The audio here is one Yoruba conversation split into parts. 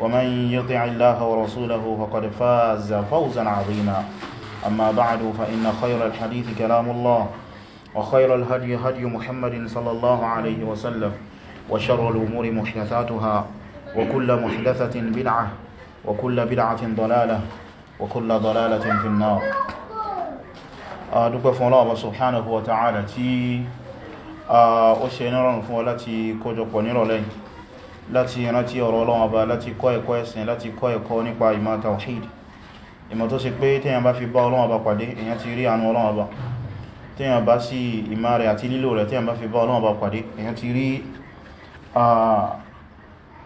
ومن يطع الله ورسوله فقد فاز فوزا عظيما أما بعد فإن خير الحديث كلام الله وخير الهدي هدي محمد صلى الله عليه وسلم وشر الأمور محدثاتها وكل محدثة بدعة وكل بدعة ضلالة وكل ضلالة في النار adúpẹ́ fún سبحانه وتعالى تي ta'ala tí ó ṣe nírọ̀rùn fún wa láti rántí ọ̀rọ̀ Ọlọ́run Ọba láti kọ́ ẹ̀kọ́ ẹ̀sìn láti kọ́ ẹ̀kọ́ nípa ìmọ̀ tawhid ìmọ̀ tó ṣe pé téèyàn bá fi bá Ọlọ́run Ọba pàdé èyàn ti rí àánú Ọlọ́run Ọba téèyàn bá sí ìmọ̀ rẹ̀ àti lílò rẹ̀ téèyàn bá fi bá Ọlọ́run Ọba pàdé èyàn ti rí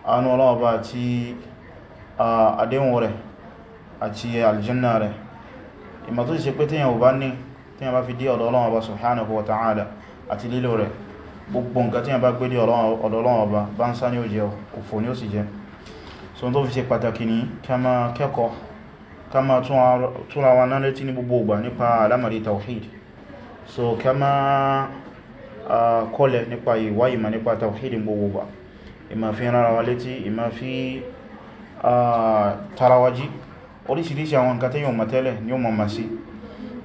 àánú Ọlọ́run Ọba àti àdéhùn rẹ̀ àti aljanna rẹ̀ ìmọ̀ tó ṣe pé téèyàn ò bá ní téèyàn bá fi dé ọ̀dọ̀ Ọlọ́run Ọba subhanahu wa ta'ala àti lílò rẹ̀ gbogbo nǹkan tí a bá gbé ní ọ̀dọ̀lọ́wọ́ ọba bá ń sá ní ó jẹ òfò ní ó sì jẹ so tó fi ṣe pàtàkì ní ká máa kẹ́kọ̀ọ́ túnra wa náà létí ní gbogbo ìgbà nípa alámàrí tawhid so ká máa kọ́lẹ̀ nípa ìwá ìmọ̀ nípa tawhid gbogbo ìgbà ìmọ̀ fi rárá wa létí ìmọ̀ fi tarawají oríṣiríṣi àwọn nǹkan tí yóò mọ̀ tẹ́lẹ̀ ni ó mọ̀ mà sí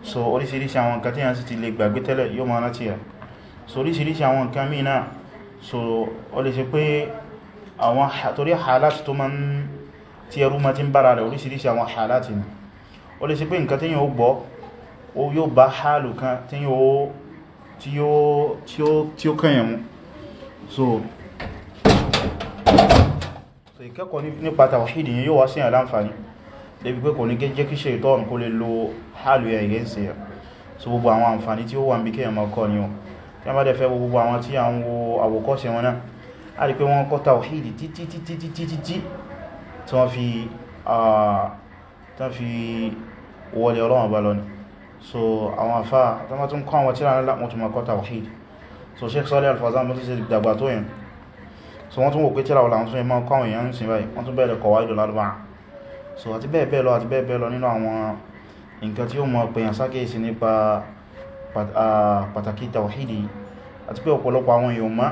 so oríṣiríṣi àwọn nǹkan tí yóò sì ti lè gbàgbé tẹ́lẹ̀ yóò mọ̀ rántí so oríṣiríṣi àwọn nǹkan míì náà so o lè ṣe pé àwọn torí haláti tó ma ń tí ẹrú ma ti ń bára rẹ̀ oríṣiríṣi àwọn haláti ni o lè ṣe pé nǹkan tí yóò gbọ́ o yóò bá hálù kan tí ó kànyẹ̀ mú so ìkẹ́kọ̀ọ́ nípa tàwàhídì yẹn yóò wá sí àlàǹfààní débi pé kò ní jẹ́ kí ṣe ìtọ́rùn kó lè lo hálù ẹ̀ ìgẹ́nsì so gbogbo àwọn àǹfààní tí ó wà ń bí kí ẹ̀mọ́ kọ́ ni wọn tí a má dẹ̀ fẹ́ gbogbo àwọn tí a ń wo àwòkọ́ṣe wọn náà a rí pé wọ́n kọ́ tawhidi títí títí títí títí tí wọ́n fi tán fi wọlé ọlọ́wọ̀n bá lọ́nà so àwọn afá tán má tún kọ́ àwọn tíra nílá mọ́tún ma kọ́ tawhidi so Sheikh Salih Al-Fawzan mọ́tí sí dàgbà tó yẹn so wọ́n tún wò pé tíra wọ́n làwọn tún yẹn máa kọ́ àwọn èèyàn ń sin báyìí wọ́n tún bẹ̀rẹ̀ kọ̀wá ìdò lárúbá so àti bẹ́ẹ̀ bẹ́ẹ̀ lọ àti bẹ́ẹ̀ bẹ́ẹ̀ lọ nínú àwọn nǹkan tí ó mọ̀ pàtàkì tàwàhídì àti pé ọ̀pọ̀lọpọ̀ àwọn èèyàn má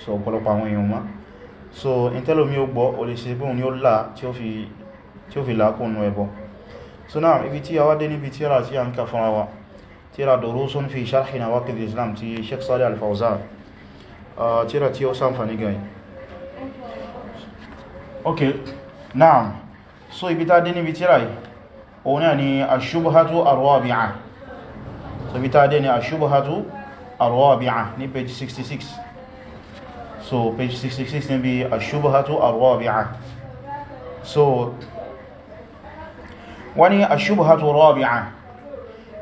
so ọ̀pọ̀lọpọ̀ àwọn èèyàn má so in tẹ́lò mi ó gbọ́ o lè ṣe bóhun ni ó là tí ó fi làákùnù ẹbọ so náà ibi tí a wá dé níbi tíra tí a ń kàfúnra wa tíra durusun fi sharhi nawaqidil islam ti sheikh Salih tí ó ṣàǹfààní so ibi tá dé níbi tíra so bí tàà dé ní aṣubuhatu arwabi'a ní page 66 so page 66 ní bí aṣubuhatu arwabi'a so wọ́n ní aṣubuhatu rabi'a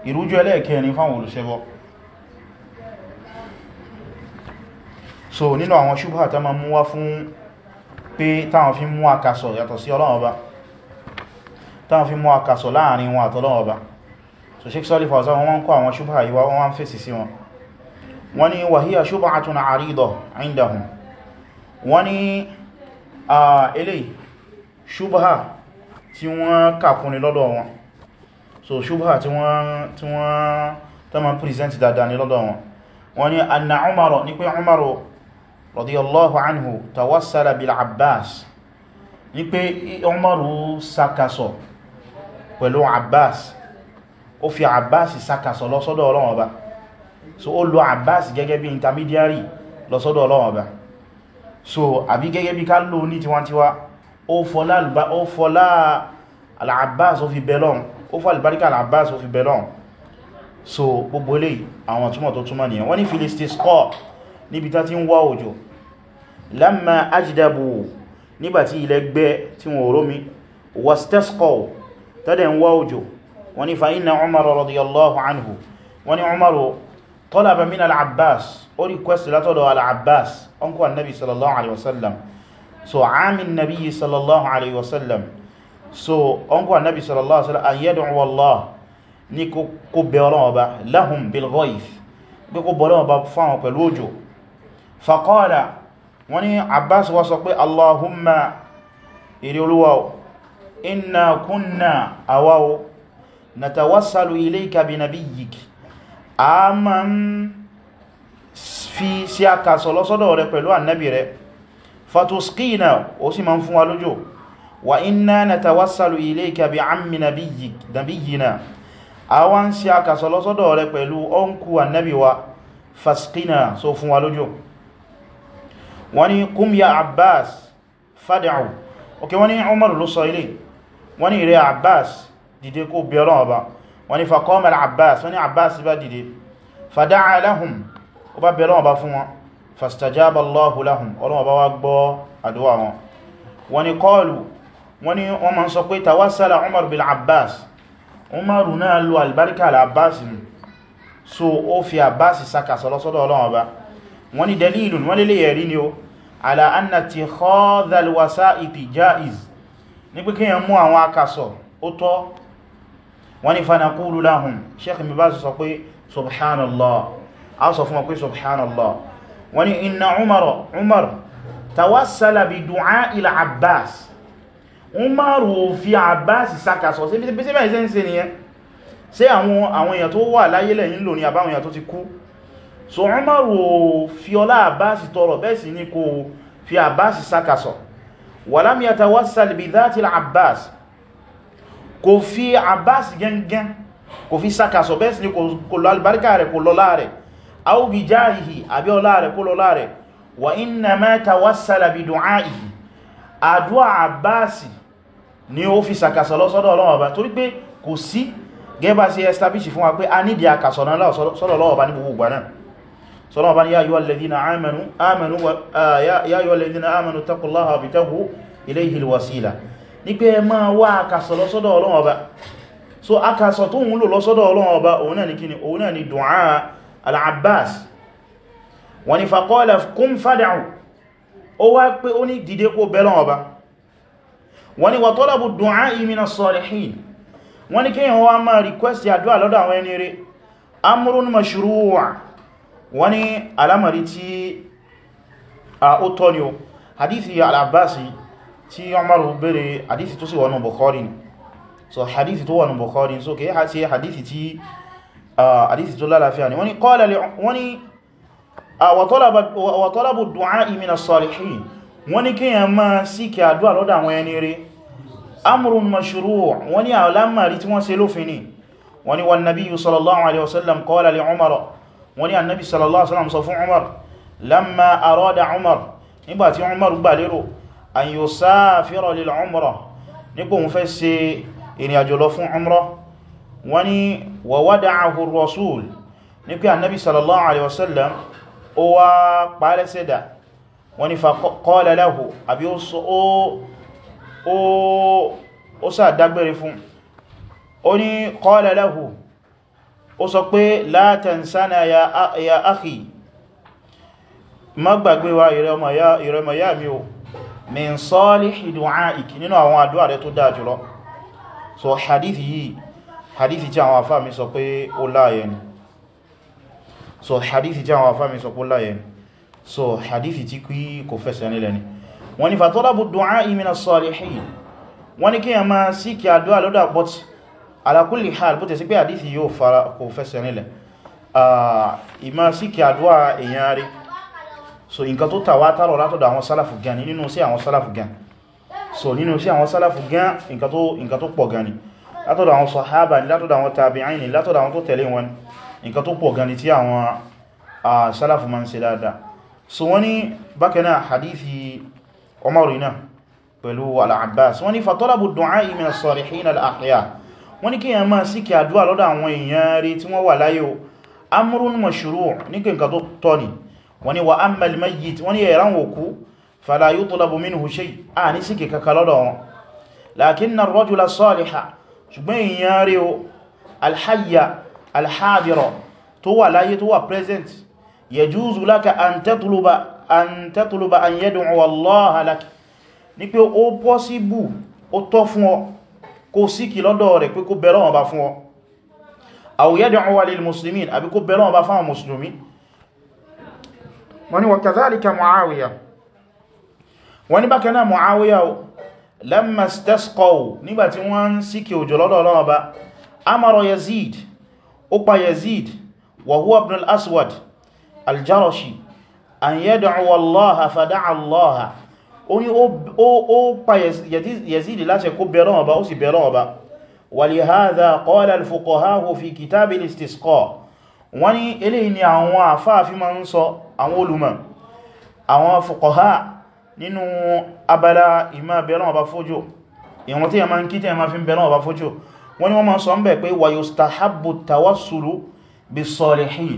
ìrújú ẹlẹ́ẹ̀kẹ́ ní fáwọn olùṣẹbọ so nínú àwọn ṣubuhatu ta ma mú wá fún pé táwọn fi mú àkàsọ̀ yàtọ̀ sí Ọlọ́run Ọba táwọn fi mú àkàsọ̀ láàrin wọn àtọlọ́run Ọba so sheik salif wasa wọn wọ́n kọ́ àwọn ṣubha yíwa wọ́n wọ́n fèsì sí wọn wọ́n ni wàhíyà shubhatun àrídọ̀ indahum wọ́n ni a ilé ṣubha tí wọ́n kàkúnni lọ́dọ̀ wọn so ṣubha tí wọ́n tí wọ́n tó ma present dáadáa ní lọ́dọ̀ wọn wọ́n ni anna umaru ní pé umaru radiyallahu anhu tawassala bil abbas ní pé umaru sakaso pẹ̀lú abbas ó fi Abbas sákàsọ lọ sọ́dọ̀ Ọlọ́run Ọba so ó lo Abbas gẹ́gẹ́ bí intermediary lọ sọ́dọ̀ Ọlọ́run Ọba so àbí gẹ́gẹ́ bí ká lò ní tiwantiwa ó fọlá al-Abbas ó fi bẹ̀lọ́n ó fọ́ alìbáríkà al-Abbas ó fi bẹ̀lọ́n so gbogbo ilé àwọn túnmọ̀ tó túnmọ̀ nìyàn wọ́n ní filistisqa níbi tá ti ń wá òjò lamma ajdabu nígbàtí ilẹ̀ gbẹ tí wọ́n rómi wastasqa tọ́dẹ̀ ń wá òjò wọ́n ní fa'ina umar radiyallahu anhu wọ́n ní umaru talaba min al-abbas ó request látọ̀dọ̀ al-abbas ọkọ̀ annabi sallallahu alaihi wasallam so amin nabi sallallahu alaihi wasallam so ọkọ̀ annabi sallallahu alaihi wasallam an yad'u Allah ní kó bẹ̀rọ ọba lahum natawassalu ilayka bi nabiyyik a ma ń fi sí akasọ̀ lọ́sọ́dọ̀ rẹ pẹ̀lú annabi rẹ fatusqina ó sì ma ń fún wa lójò wa inna natawassalu ilayka bi ammi nabiyyik nabiyyina a wá ń sí akasọ̀ lọ́sọ́dọ̀ rẹ pẹ̀lú ọnkù annabi wa fasqina so fún wa lójò wani kum abbas fad'u ok wani umar ló sọ wani rẹ abbas dìde kó bẹ ọlọ́run ọba wọ́n ní faqama al-Abbas wọ́n ní Abbas bá dìde fada'a lahum ó bá bẹ ọlọ́run ọba fún wọn fastajaba Allahu lahum ọlọ́run ọba wá gbọ́ àdúwà wọn wọ́n ní qalu wọ́n ní wọ́n ma ń sọ pé tawassala Umar bil Abbas Umar náà lo ó tọ́ wọ́n ni fanakúrú láhùn sheikh mi bá sọ pé subhanallah a sọ fún wọn pé subhanallah wọ́n ni inna umar umar tawassala bi du'a ila abbas umar o fi abbas sakasọ sí bí síbẹ̀ ìsẹ́ ń ṣe nìyẹn ṣé àwọn èèyàn tó wà láyé lẹ́yìn lò ní àbáwọn èèyàn tó ti kú so umar o fi ọlá abbas tọrọ bẹ́ẹ̀ sì ni kò fi abbas sakasọ walam yatawassal bi dhati al-abbas kò fi abbas gẹngẹn kò fi sákàsọ̀ bẹ́ẹ̀ sí ni kò lọ albarka rẹ̀ kò lọlá rẹ̀ aw bi jahihi àbí ọlá rẹ̀ kò lọlá rẹ̀ wa inna ma tawassala bi du'aihi àdúwà abbas ni ó fi sákàsọ̀ lọ́sọ́dọ̀ Ọlọ́run Ọba torí pé kò sí gẹ́bà sí establish fún wa pé a nídìí àkàsọ̀ náà sọ́dọ̀ Ọlọ́run Ọba ní gbogbo ìgbà náà sọ́dọ̀ Ọba ní ya ayyuhal ladhina amanu ah, ya ní pé ma wá akasọ̀ lọ́sọ́dọ̀ ọlọ́run ọba so akasọ̀ tó ń lò lọ́sọ́dọ̀ ọlọ́run ọba òun náà ni kíni òun náà ni du'a al-abbas wọ́n ni faqala kum fad'u ó wá pé ó ní dìde kó bẹ́lọ́n ọba wọ́n ni wa talabu du'a minas salihin wọ́n ni hadithi al-abbasi tí Umaru bèèrè hadithi tó sì wọnú Bukhari so hadithi tó wọnú Bukhari so kìí àti hadithi tí hadithi tó lálàáfíà ni wọ́n ni wa talabu du'a mina salihin wọ́n ni kí yàn máa sí kí àdúwà lọ́dọ̀ àwọn ẹni rere amrun mashru' wọ́n ni alamari tí wọ́n ṣe lófin ni wọ́n ni wan nabiyyu sallallahu alaihi wasallam qala li Umar wọ́n ni annabi sallallahu alaihi wasallam sọ fún Umar lamma arada Umar nígbàtí Umar gbà lérò an yusafira lil umrah nípò wọ́n fẹ́ ṣe ìrìn àjò lọ fún umrah wọ́n ni wa wada'ahu ar-rasul ní pé annabi sallallahu alaihi wasallam ó wá pàálẹ̀ sẹ́dà wọ́n ni faqala lahu àbí ó sà dágbére fún ó ní qala lahu ó sọ pé la tansana ya akhi má gbàgbé wa ìrẹmọ̀ yá mi o min salihi du'aik nínú àwọn àdúwà rẹ tó dáa jùlọ so hadithi yìí hadithi tí àwọn afá mi sọ pé ó láyẹ ni so hadithi tí àwọn afá mi sọ pé ó láyẹ ni so hadithi tí kí kò fẹsẹ̀ nílẹ̀ ni wọ́n ni fatalabu du'ai min as-salihin wọ́n ni kí yẹn máa sí kí àdúwà lọ́dà but ala kulli hal bó tẹ̀ pé hadithi yóò fara kò fẹsẹ̀ nílẹ̀ ah, ìmá sí kí àdúwà èèyàn rí so nǹkan tó tàwátàrọ̀ látọ̀dọ̀ àwọn sálàfù gan ni nínú sí àwọn sálàfù gan so nínú sí àwọn sálàfù gan nǹkan tó pọ̀ gan ni látọ̀dọ̀ àwọn sàhábà ni látọ̀dọ̀ àwọn tàbí'ìn ni látọ̀dọ̀ àwọn tó tẹ̀lé wọn nǹkan tó pọ̀ gan ni tí àwọn sálàfù ma ń ṣe dáadáa so wọ́n ní bákan náà hadithi Umaru náà pẹ̀lú al-Abbas wọ́n ní fatalabu du'a min as-salihin al-ahya wọ́n ní kí máa sí kí àdúwà lọ́dọ̀ àwọn èèyàn rí tí wọ́n wà láyé amrun mashru' ní kí nǹkan tó tọ́ ni wọ́n ni wa ammal mayyit wọ́n ni ẹ̀ran òkú fala yutlabu minhu shay a ní síkè kaka lọ́dọ̀ wọn lakinna ar-rajula as-saliha ṣùgbọ́n èyàn rí o alhayya alhadira tó wà láyé tó wà present yajuzu laka an tatluba an tatluba an yad'u Allah lak ní pé ó possible ó tọ́ fún ọ kó síkì lọ́dọ̀ rẹ̀ pé kó bẹ̀rọ̀ wọn bá fún ọ aw yad'u lil muslimin àbí kó bẹ̀rọ̀ wọn bá fáwọn musulmi wọ́n ni wa kadhalika Muawiya wọ́n ni bákan náà Muawiya lamma istasqaw nígbàtí wọ́n ń síkè òjò lọ́dọ̀ Ọlọ́run Ọba amara Yazid ó pa Yazid wa huwa ibn al-Aswad al-Jarashi an yad'u Allaha fada'a Allaha ó ní ó pa Yazid láṣẹ kó bẹ Ọlọ́run Ọba ó sì bẹ Ọlọ́run Ọba ولهذا قال الفقهاء في كتاب الاستسقاء wọ́n ni eléyìí ni àwọn àfáà fi ma ń àwọn olùmọ̀ àwọn fuqaha nínú abala ìmá bẹ̀rẹ̀ ọba fójò ìwọ̀n tí a máa ń kí tí a máa fi bẹ̀rẹ̀ ọba fójò wọ́n ni wọ́n máa sọ ń bẹ̀ pé wa yustahabbu tawassulu bis-salihin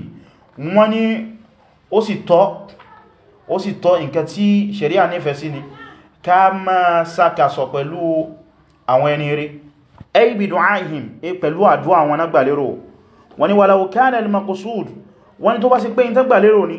wọ́n ni ó sì tọ́ nǹkan tí ṣẹ̀ríà nífẹ̀ẹ́ sí ni ká máa sàkàsọ̀ pẹ̀lú àwọn ẹni rí ay bi du'aihim e pẹ̀lú àdúwà àwọn agbàlérò wọ́n ni walau kana al-maqsud wọ́n ni tó bá sí pé ìtẹ́gbàlérò ni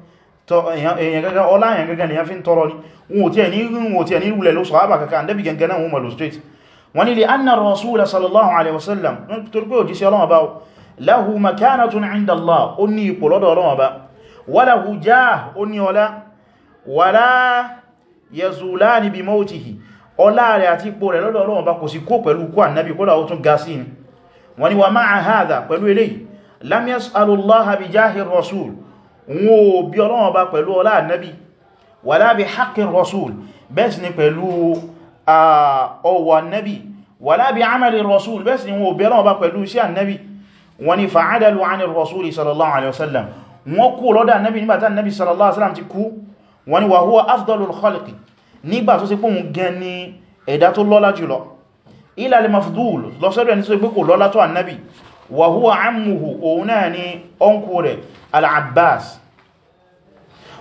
èyàn gẹ́gẹ́ ọlá èyàn gẹ́gẹ́ ni ya fi ń tọrọ ní wọn ò tí ẹni ríun ò tí ẹni rúlẹ̀ ló sọ̀hábà kankan àndẹ́bì gẹ́gẹ́ náà wọn mọ̀lù straight wọ́n ni lè anna rasúlá sallallahu alaihi wasallam torí pé òjísí ọlọ́wọ́ bá lahu makanatun inda Allah ó ní ipò lọ́dọ̀ ọlọ́wọ́ bá wala hu jah ó ní ọlá wala yazulani bi mawtihi ọlá rẹ̀ àti ipò rẹ̀ lọ́dọ̀ ọlọ́wọ́ bá kò sí kó pẹ̀lú kú annabi kó láwọ́ tún ga sí ni wọ́n ni wa ma'a hadha pẹ̀lú eléyìí lam yas'alullaha bi jahir wọn ò bí Ọlọ́run bá pẹ̀lú ọlá ànábì wala bi haqqi rasul bẹ́ẹ̀ sì ni pẹ̀lú ọwọ́ ànábì wala bi amali rasul bẹ́ẹ̀ sì ni wọn ò bí Ọlọ́run bá pẹ̀lú iṣẹ́ ànábì wọn ni fa'adalu ani rasul sallallahu alaihi wasallam wọn kú lọ́dọ̀ ànábì nígbà tí ànábì sallallahu alaihi wasallam ti kú wọn ni wa huwa afdalul khalqi nígbà tó ṣe al-abbas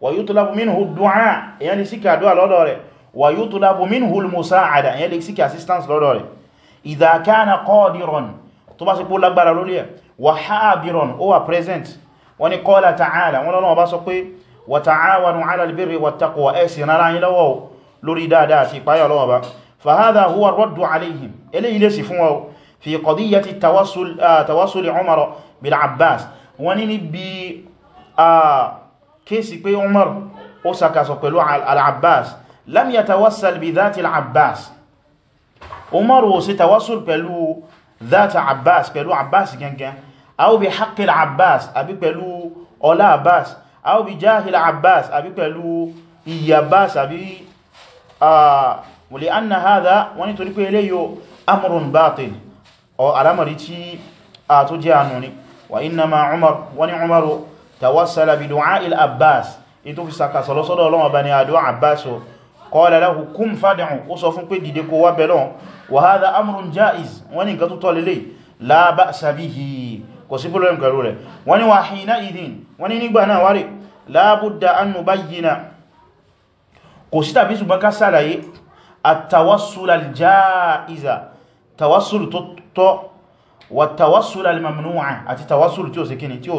wa yutlabu minhu ad-du'a èyàn lè síkà àdúwà lọ́dọ̀ rẹ̀ wa yutlabu minhu al-musa'ada èyàn lè síkà assistance lọ́dọ̀ rẹ̀ idha kana qadiran tó bá sì pó lágbára lórí ẹ̀ wa hadiran ó wà present wọ́n ni qala ta'ala wọ́n lọ́nà ọba sọ pé wa ta'awanu 'ala al فهذا هو الرد عليهم إليه ليس في قضية التواصل آه تواصل عمر بالعباس ونني ب kéèsì pé Umar ó sàkàsọ̀ pẹ̀lú al-Abbas lam yatawassal bi dhati al-Abbas Umar ó sì tawassul pẹ̀lú dhati Abbas pẹ̀lú Abbas gangan aw bi haqqi al-Abbas àbí pẹ̀lú ọlá Abbas aw bi jahi al-Abbas àbí pẹ̀lú iyì Abbas àbí wa li anna hadha wọ́n nítorí pé eléyò amrun batil ọ alamari tí a tó jẹ́ ànú ni wa innama Umar wani Umaru tawassala bi du'a il abbas in tó fi sàkàsọ̀ lọ́sọ́dọ̀ ọlọ́wọ́ bá ní àdúwà abbas o qala lahu kum fad'u ó sọ fún pé dìde kó wá bẹ̀lọ́n wa hadha amrun ja'iz wọ́n ni nǹkan tó tọ́ lélẹ̀ la ba'sa bihi kò sí problem pẹ̀lú rẹ̀ wọ́n ni wa hina idhin wọ́n ni nígbà náà wárí la budda an nubayyina kò sí tàbí ṣùgbọ́n ká sàlàyé at-tawassul al-ja'iza tawassul tó tọ́ wa tawassul al-mamnu'a àti tawassul tí ó sì kíni tí ó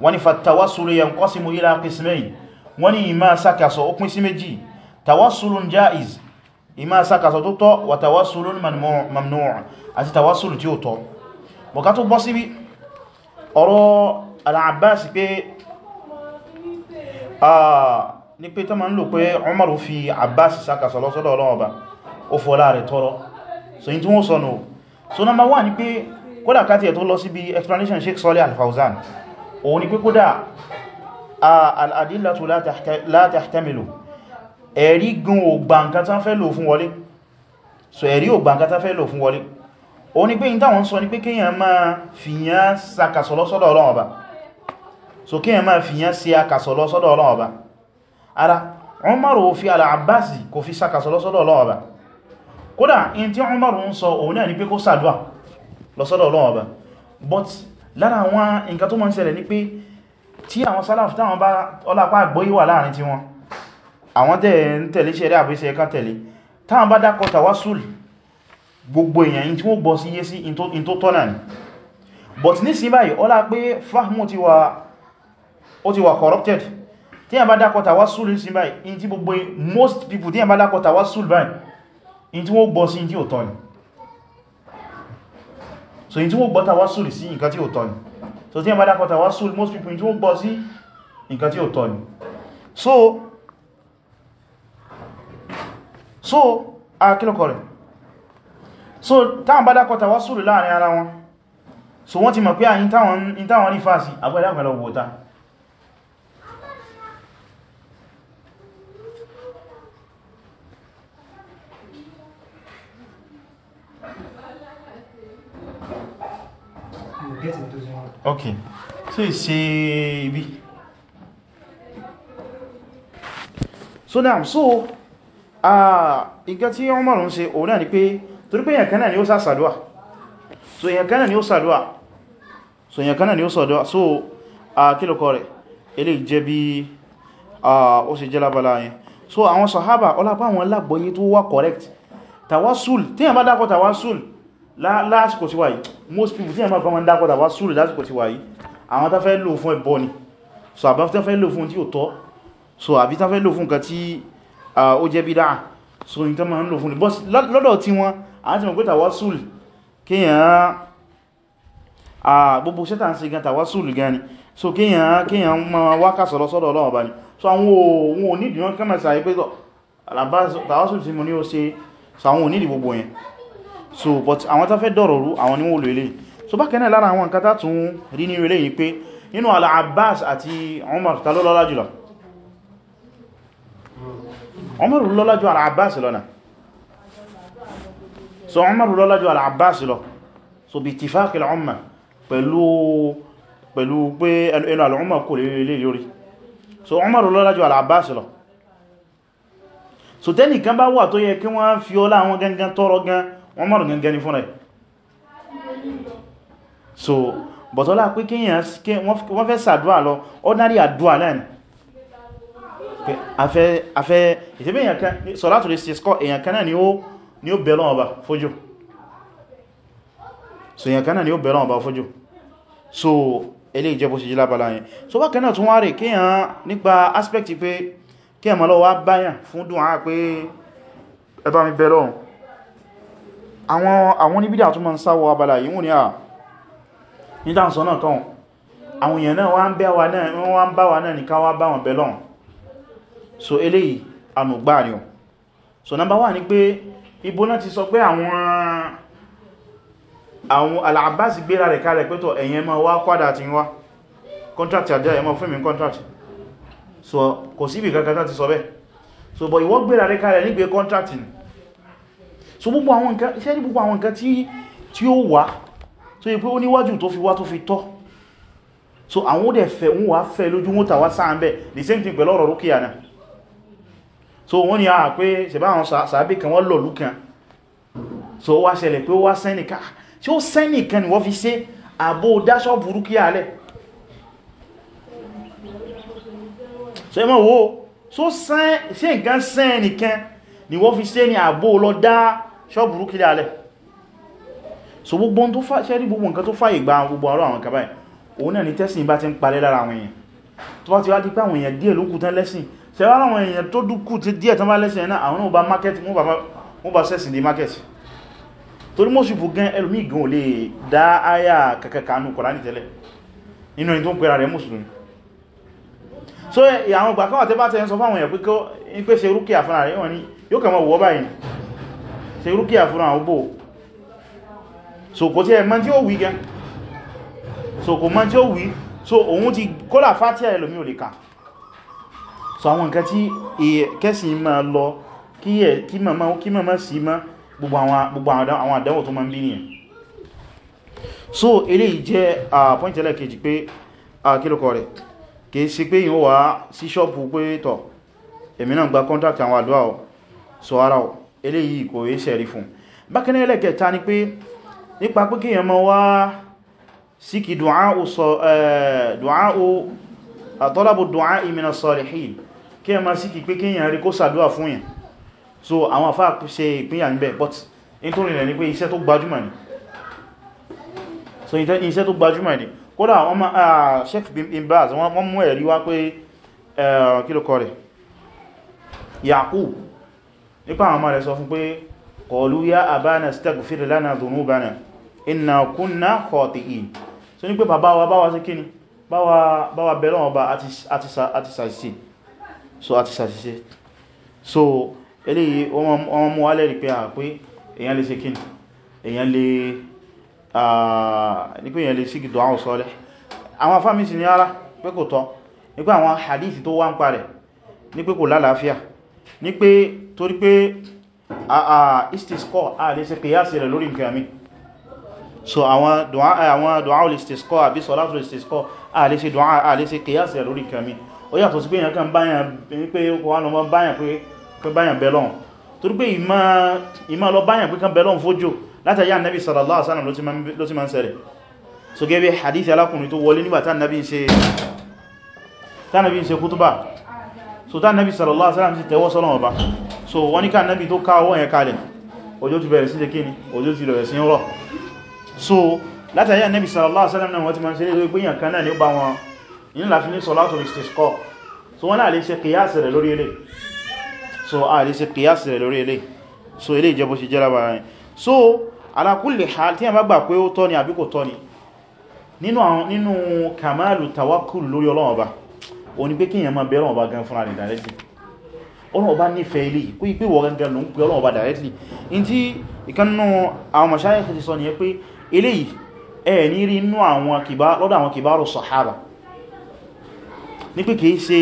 wọ́n ní fàtàwásùlù yanqasimu ila qismayn wọ́n ní ìmá sákàsọ ó pín sí méjì tàwásùlùn jáìz ìmá sákàsọ tó tọ́ wà tàwásùlùn mamnu'un àti tàwásùlù tí ó tọ́ bọ̀ká tó bọ́ síbí ọ̀rọ̀ al-Abbas pé ní pé tó ma ń lò pé Umaru fi Abbas sákàsọ lọ́sọ́dọ̀ Ọlọ́run Ọba ó fọ́lá rẹ̀ tọ́rọ so yin tí wọ́n sọ nù so number one ni pé kódà ẹ̀ tó e lọ síbi explanation Sheikh Salih Al-Fawzan òun ni pé kódà al-adillatu la tahtamilu ẹ̀rí gan ò gbà nǹkan tán fẹ́ lò fún wọlé so ẹ̀rí ò gbà nǹkan tán fẹ́ lò fún wọlé òun ni pé yí táwọn sọ ni pé kíyàn máa fìyàn sàkàsọ̀ lọ́sọ́dọ̀ Ọlọ́run Ọba so kíyàn máa fìyàn sí àkàsọ̀ lọ́sọ́dọ̀ Ọlọ́run Ọba ara Umaru fi al-Abbasi kò but lára àwọn nǹkan tó mọ́ ń ṣẹlẹ̀ ní pé tí àwọn sálàfù táwọn bá ọlápá àgbóyí wà láàrin tí wọn àwọn tẹ́ ń tẹ̀lé ṣẹ́rẹ́ àbíṣẹ́ ẹ̀ká tẹ̀lé táwọn bá dákọ̀ tàwásùl gbogbo èèyàn tí wọ́n bọ́ sí yé sí in tó tọ́nà ni but ní sí báyìí ọlá pé fahmu ti wà ó ti wà corrupted tí yàn bá dákọ̀ tàwásùl ní sí báyìí in tí gbogbo most people tí yàn bá dákọ̀ tàwásùl báyìí in tí wọ́n bọ́ sí in tí so in tí wọ́n gbọ́ tawassul sí nǹkan tí ó tọ́ ni so tí wọ́n bá dákọ̀ tawassul most people in tí wọ́n gbọ́ sí nǹkan tí ó tọ́ ni so so akílọ̀kọ̀ rẹ̀ so táwọn bá dákọ̀ tawassul láàrin ara wọn so wọ́n ti mọ̀ pé àyíntàwọn ní fásí àgbẹ̀dàgbẹ̀lọ̀wọ̀ta ok so ìṣe ibi so now so ah, nǹkan tí wọ́n mọ̀rún ṣe òun náà ni pé torí pé èyàn kan náà ni ó sá sàdúwà so èyàn kan náà ni ó sàdúwà so èyàn kan náà ni ó sàdúwà so ah, kílùkọ rẹ̀ ilé jẹ́ bí ah, ó sì jẹ́ lábala yẹn so àwọn sàhábà ọlápá àwọn lágbọ́yé tó wà correct tawasul tí èyàn bá most people tí ẹ̀mọ́ kan máa ń dákọ̀dà wá súrù lásìkò ti wà yìí àwọn tó fẹ́ lò fún ẹbọ ni so àbá tó fẹ́ lò fún tí ó tọ́ so àbí tó fẹ́ lò fún nǹkan tí ó jẹ́ bídá so ní tó máa ń lò fún ní bọ́s lọ́dọ̀ tí wọ́n àwọn tí mọ̀ pé tàwá súrù kéèyàn gbogbo sẹ́tà ń ṣe gan tàwá súrù gan ni so kéèyàn kéèyàn máa wá kásọ̀ lọ sọ́dọ̀ Ọlọ́run bá ni so àwọn òun ò nídìí wọn kẹ́mẹ̀sà yìí pé tàwá súrù tí mo ní ó so but àwọn tó fẹ́ dọ̀rọ̀rú àwọn ni wọ́n lò ilé so bákan náà lára àwọn nǹkan tá tún rí ní ilé yìí pé nínú Al-Abbas àti Umar ta ló lọ́lá jùlọ Umar lọ́lá jù Al-Abbas lọ náà so Umar lọ́lá jù Al-Abbas lọ so bí ittifaq al-umma pẹ̀lú pẹ̀lú pé ẹnu al-umma kò lè lórí so Umar lọ́lá jù Al-Abbas lọ so tẹ́nìkan bá wà tó yẹ kí wọ́n fi ọlá àwọn gangan tọrọ gan wọ́n mọ̀rún gẹ́gẹ́ ní fún rẹ̀ so bọ̀tọ́lá pé kíyàn wọ́n fẹ́ sàdúwà lọ ordinary àdúwà náà ni afẹ́ ìtẹ́bẹ̀ èyàn kan sọ̀látù lè ṣe skọ́ èyàn kan náà ni ó bẹ̀rọ ọba fójú so èyàn kan náà ni ó bẹ̀rọ ọba fójú so ilé ìjẹ́bó sí jílábàlá yẹn so bá kẹ́nà tún wá rẹ̀ kíyàn nípa aspect pé kíyàn mọ́ lọ wá báyàn fún dùn á pé ẹbá mi bẹ̀rọ ọ̀hún àwọn àwọn oníbídà tó ma ń sáwọ abala yíò ní à ní tàn sọ́nà tán àwọn èèyàn náà wọ́n ń bá wa náà ní káwà bá wọn belon so eléyìí anùgbà ni o so number one ni pé ibo náà ti sọ pé àwọn àwọn Al-Abbas gbéra rẹ̀ kalẹ̀ pẹ́tọ̀ ẹ̀yẹn ma wá kwádà ti wá contract àjá ẹ̀mọ́ fún mi contract so kò síbì kankan ti sọ bẹ́ so bọ̀ ìwọ gbéra rẹ̀ kalẹ̀ nígbé contracting so gbogbo àwọn nǹkan iṣẹ́ ní gbogbo àwọn nǹkan tí ó wà tó yẹ pé ó níwájú tó fi wá tó fi tọ́ so àwọn ó dẹ̀ fẹ́ ń wà fẹ́ lójú wọn tàwà sáà ń the same thing pẹ̀lú ọ̀rọ̀ rúkìá náà so wọ́n ni a pé ṣẹ̀bá àwọn sàábé kan wọ́n lọ lúkan so wá ṣẹlẹ̀ pé ó wá sẹ́nìká tí ó sẹ́nìkan ni wọ́n fi ṣe àbó dáṣọ́ burúkí alẹ́ so ẹ mọ́ wo so sẹ́ nǹkan sẹ́nìkan ni wọ́n fi ṣe ni àbó lọ dá ṣọ́bù rúkílẹ̀ alẹ́ so gbogbo tó fà ṣẹ́rí gbogbo nǹkan tó fàyè gba gbogbo ọ̀rọ̀ àwọn kàbáyì òun náà ni tẹ́sìn bá ti ń palẹ̀ lára àwọn èèyàn tó bá ti wá di pé àwọn èèyàn díẹ̀ ló kù tán lẹ́sìn ṣe wá àwọn èèyàn tó dúkù ti díẹ̀ tán bá lẹ́sìn náà àwọn náà bá market mú bá sẹ́sìn dé market torí mọ́ṣùpù gan ẹlòmí gan ò lè dá áyà kẹkẹkanú Kùránì tẹ́lẹ̀ nínú ẹni tó ń pera rẹ̀ mùsùlùmí ṣe rúkíà fún àwọn so kò tí ẹ mọ́ tí ó wí gan so kò mọ́ tí ó wí so òun ti kólà fàtíà ẹlòmí ò lè kà so àwọn nǹkan tí kẹsì máa lọ kí ẹ kí mọ̀mọ́ kí mọ̀mọ́ sí mọ́ gbogbo àwọn àdánwò tó máa bí nìyẹn so eléyìí jẹ́ point ẹlẹ́kejì pé kílùkọ rẹ̀ kìí sí pé ìhùn wá sí ṣọ́pù pé tọ̀ èmi náà gba contract àwọn àdúrà ọ̀ so ara ọ̀ eléyìí kò yí sẹ̀rí fún bákan náà ẹlẹ́kẹta ni pé nípa pé kíyàn mọ́ wá síkì tọ́lábù dùnà ìmìnà sọ̀rìhìn kíyàn mọ́ síkì pé kíyàn rí kó sàdúwà fún yàn so àwọn afá ṣe ìpínyà níbẹ̀ but nítorí rẹ̀ ni pé iṣẹ́ tó gbajúmọ̀ ni so iṣẹ́ tó gbajúmọ̀ ni kódà wọ́n ma Sheikh bin Baz wọ́n mú ẹ̀rí wá pé kí ló rẹ̀ Yaqub nípa àwọn ọmọ rẹ̀ sọ fún pé qalu ya abana staghfir lana dhunubana inna kunna khati'in so ní pé bàbá wa bá wa sí kíni bá wa bẹ̀rẹ̀ ọba àti sàìsì so àti sàìsì so eléyìí ọmọ mú alẹ́ rí pé ah, à pé èyàn lè sí kíni èyàn èyàn lè sí àwọn sọ́lẹ̀ àwọn afámísì ní ara pé kò tọ́ ní pé àwọn hadith tó wá ń parẹ̀ ní pé kò lálàáfíà ní pé torí pé àà istisqa a lè ṣe kìyàsí rẹ̀ lórí nǹkan mi so àwọn du'a istisqa àbí salatu istisqa a lè ṣe du'a a lè ṣe kìyàsí rẹ̀ lórí nǹkan mi ó yàtọ̀ sí pé èyàn kan báyàn pé wọ́n lọ báyàn pé báyàn bẹ́lọ́n torí pé ìmá lọ báyàn pé nabi sallallahu alaihi wasallam ló ti máa ń ṣẹlẹ̀ so gẹ́gẹ́ hadith alákùnrin tó wọlé nígbà tán nabi ń ṣe kútúbà so tán nabi sallallahu alaihi wasallam ti tẹwọ́ sọ́lọ́wọ́ bá so wọ́n ní ká nábi tó ká ọwọ́ yẹn kalẹ̀ òjò ti bẹ̀rẹ̀ sí jẹ́ kíni òjò ti bẹ̀rẹ̀ sí rọ̀ so látàrí ànábì sallallahu alaihi wasallam náà wọ́n ti máa ń ṣe lé pé èèyàn kan náà ní ó bá wọn ní láti ní sọlátò so wọ́n láàrín ṣe kìyàsì rẹ̀ lórí so àrín ṣe kìyàsì rẹ̀ lórí so ilé ìjẹbó ṣe jẹ́ra bára rẹ̀ so a bá gbà pé ó tọ́ ni àbí kò tọ́ ni nínú kamalu tawakkul lórí Ọlọ́run Ọba ó ní pé kíyàn máa bẹ Ọlọ́run Ọba ọlọ́wọ́ bá nífẹ̀ẹ́ ilé yìí kó yí pé wọ́n gẹ́gẹ́ ló ń pè ọlọ́wọ́ bá directly in tí ìkannú àwọn mọ̀ṣáyẹ̀ ti sọ nìyẹn pé ilé yìí ẹ̀ ní rí inú lọ́dọ̀ àwọn kìbárù sàhábà ní pé kìí ṣe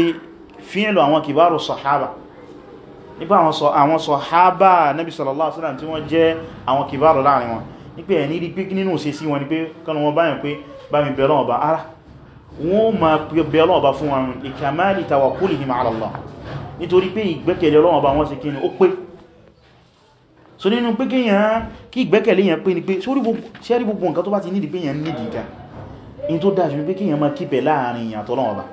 fíẹ̀lọ àwọn kìbárù sàhábà nípa àwọn sàhábà nabi sallallahu alaihi wasallam tí wọ́n jẹ́ àwọn kìbárù láàrin wọn ní pé ẹ̀ ní rí pé nínú ṣe sí wọn ni pé nítorí pé ìgbẹ́kẹ̀lé Ọlọ́run bá wọ́n ṣe kíni ó pé so nínú pé kí ìgbẹ́kẹ̀lé yẹn pé ni pé ṣẹ́rí gbogbo nǹkan tó bá ti nídi pé yẹn nídi ìkà in tó dájú pé kíyàn máa kíbẹ̀ láàrin èyàn tọ́lọ́wọ́ bá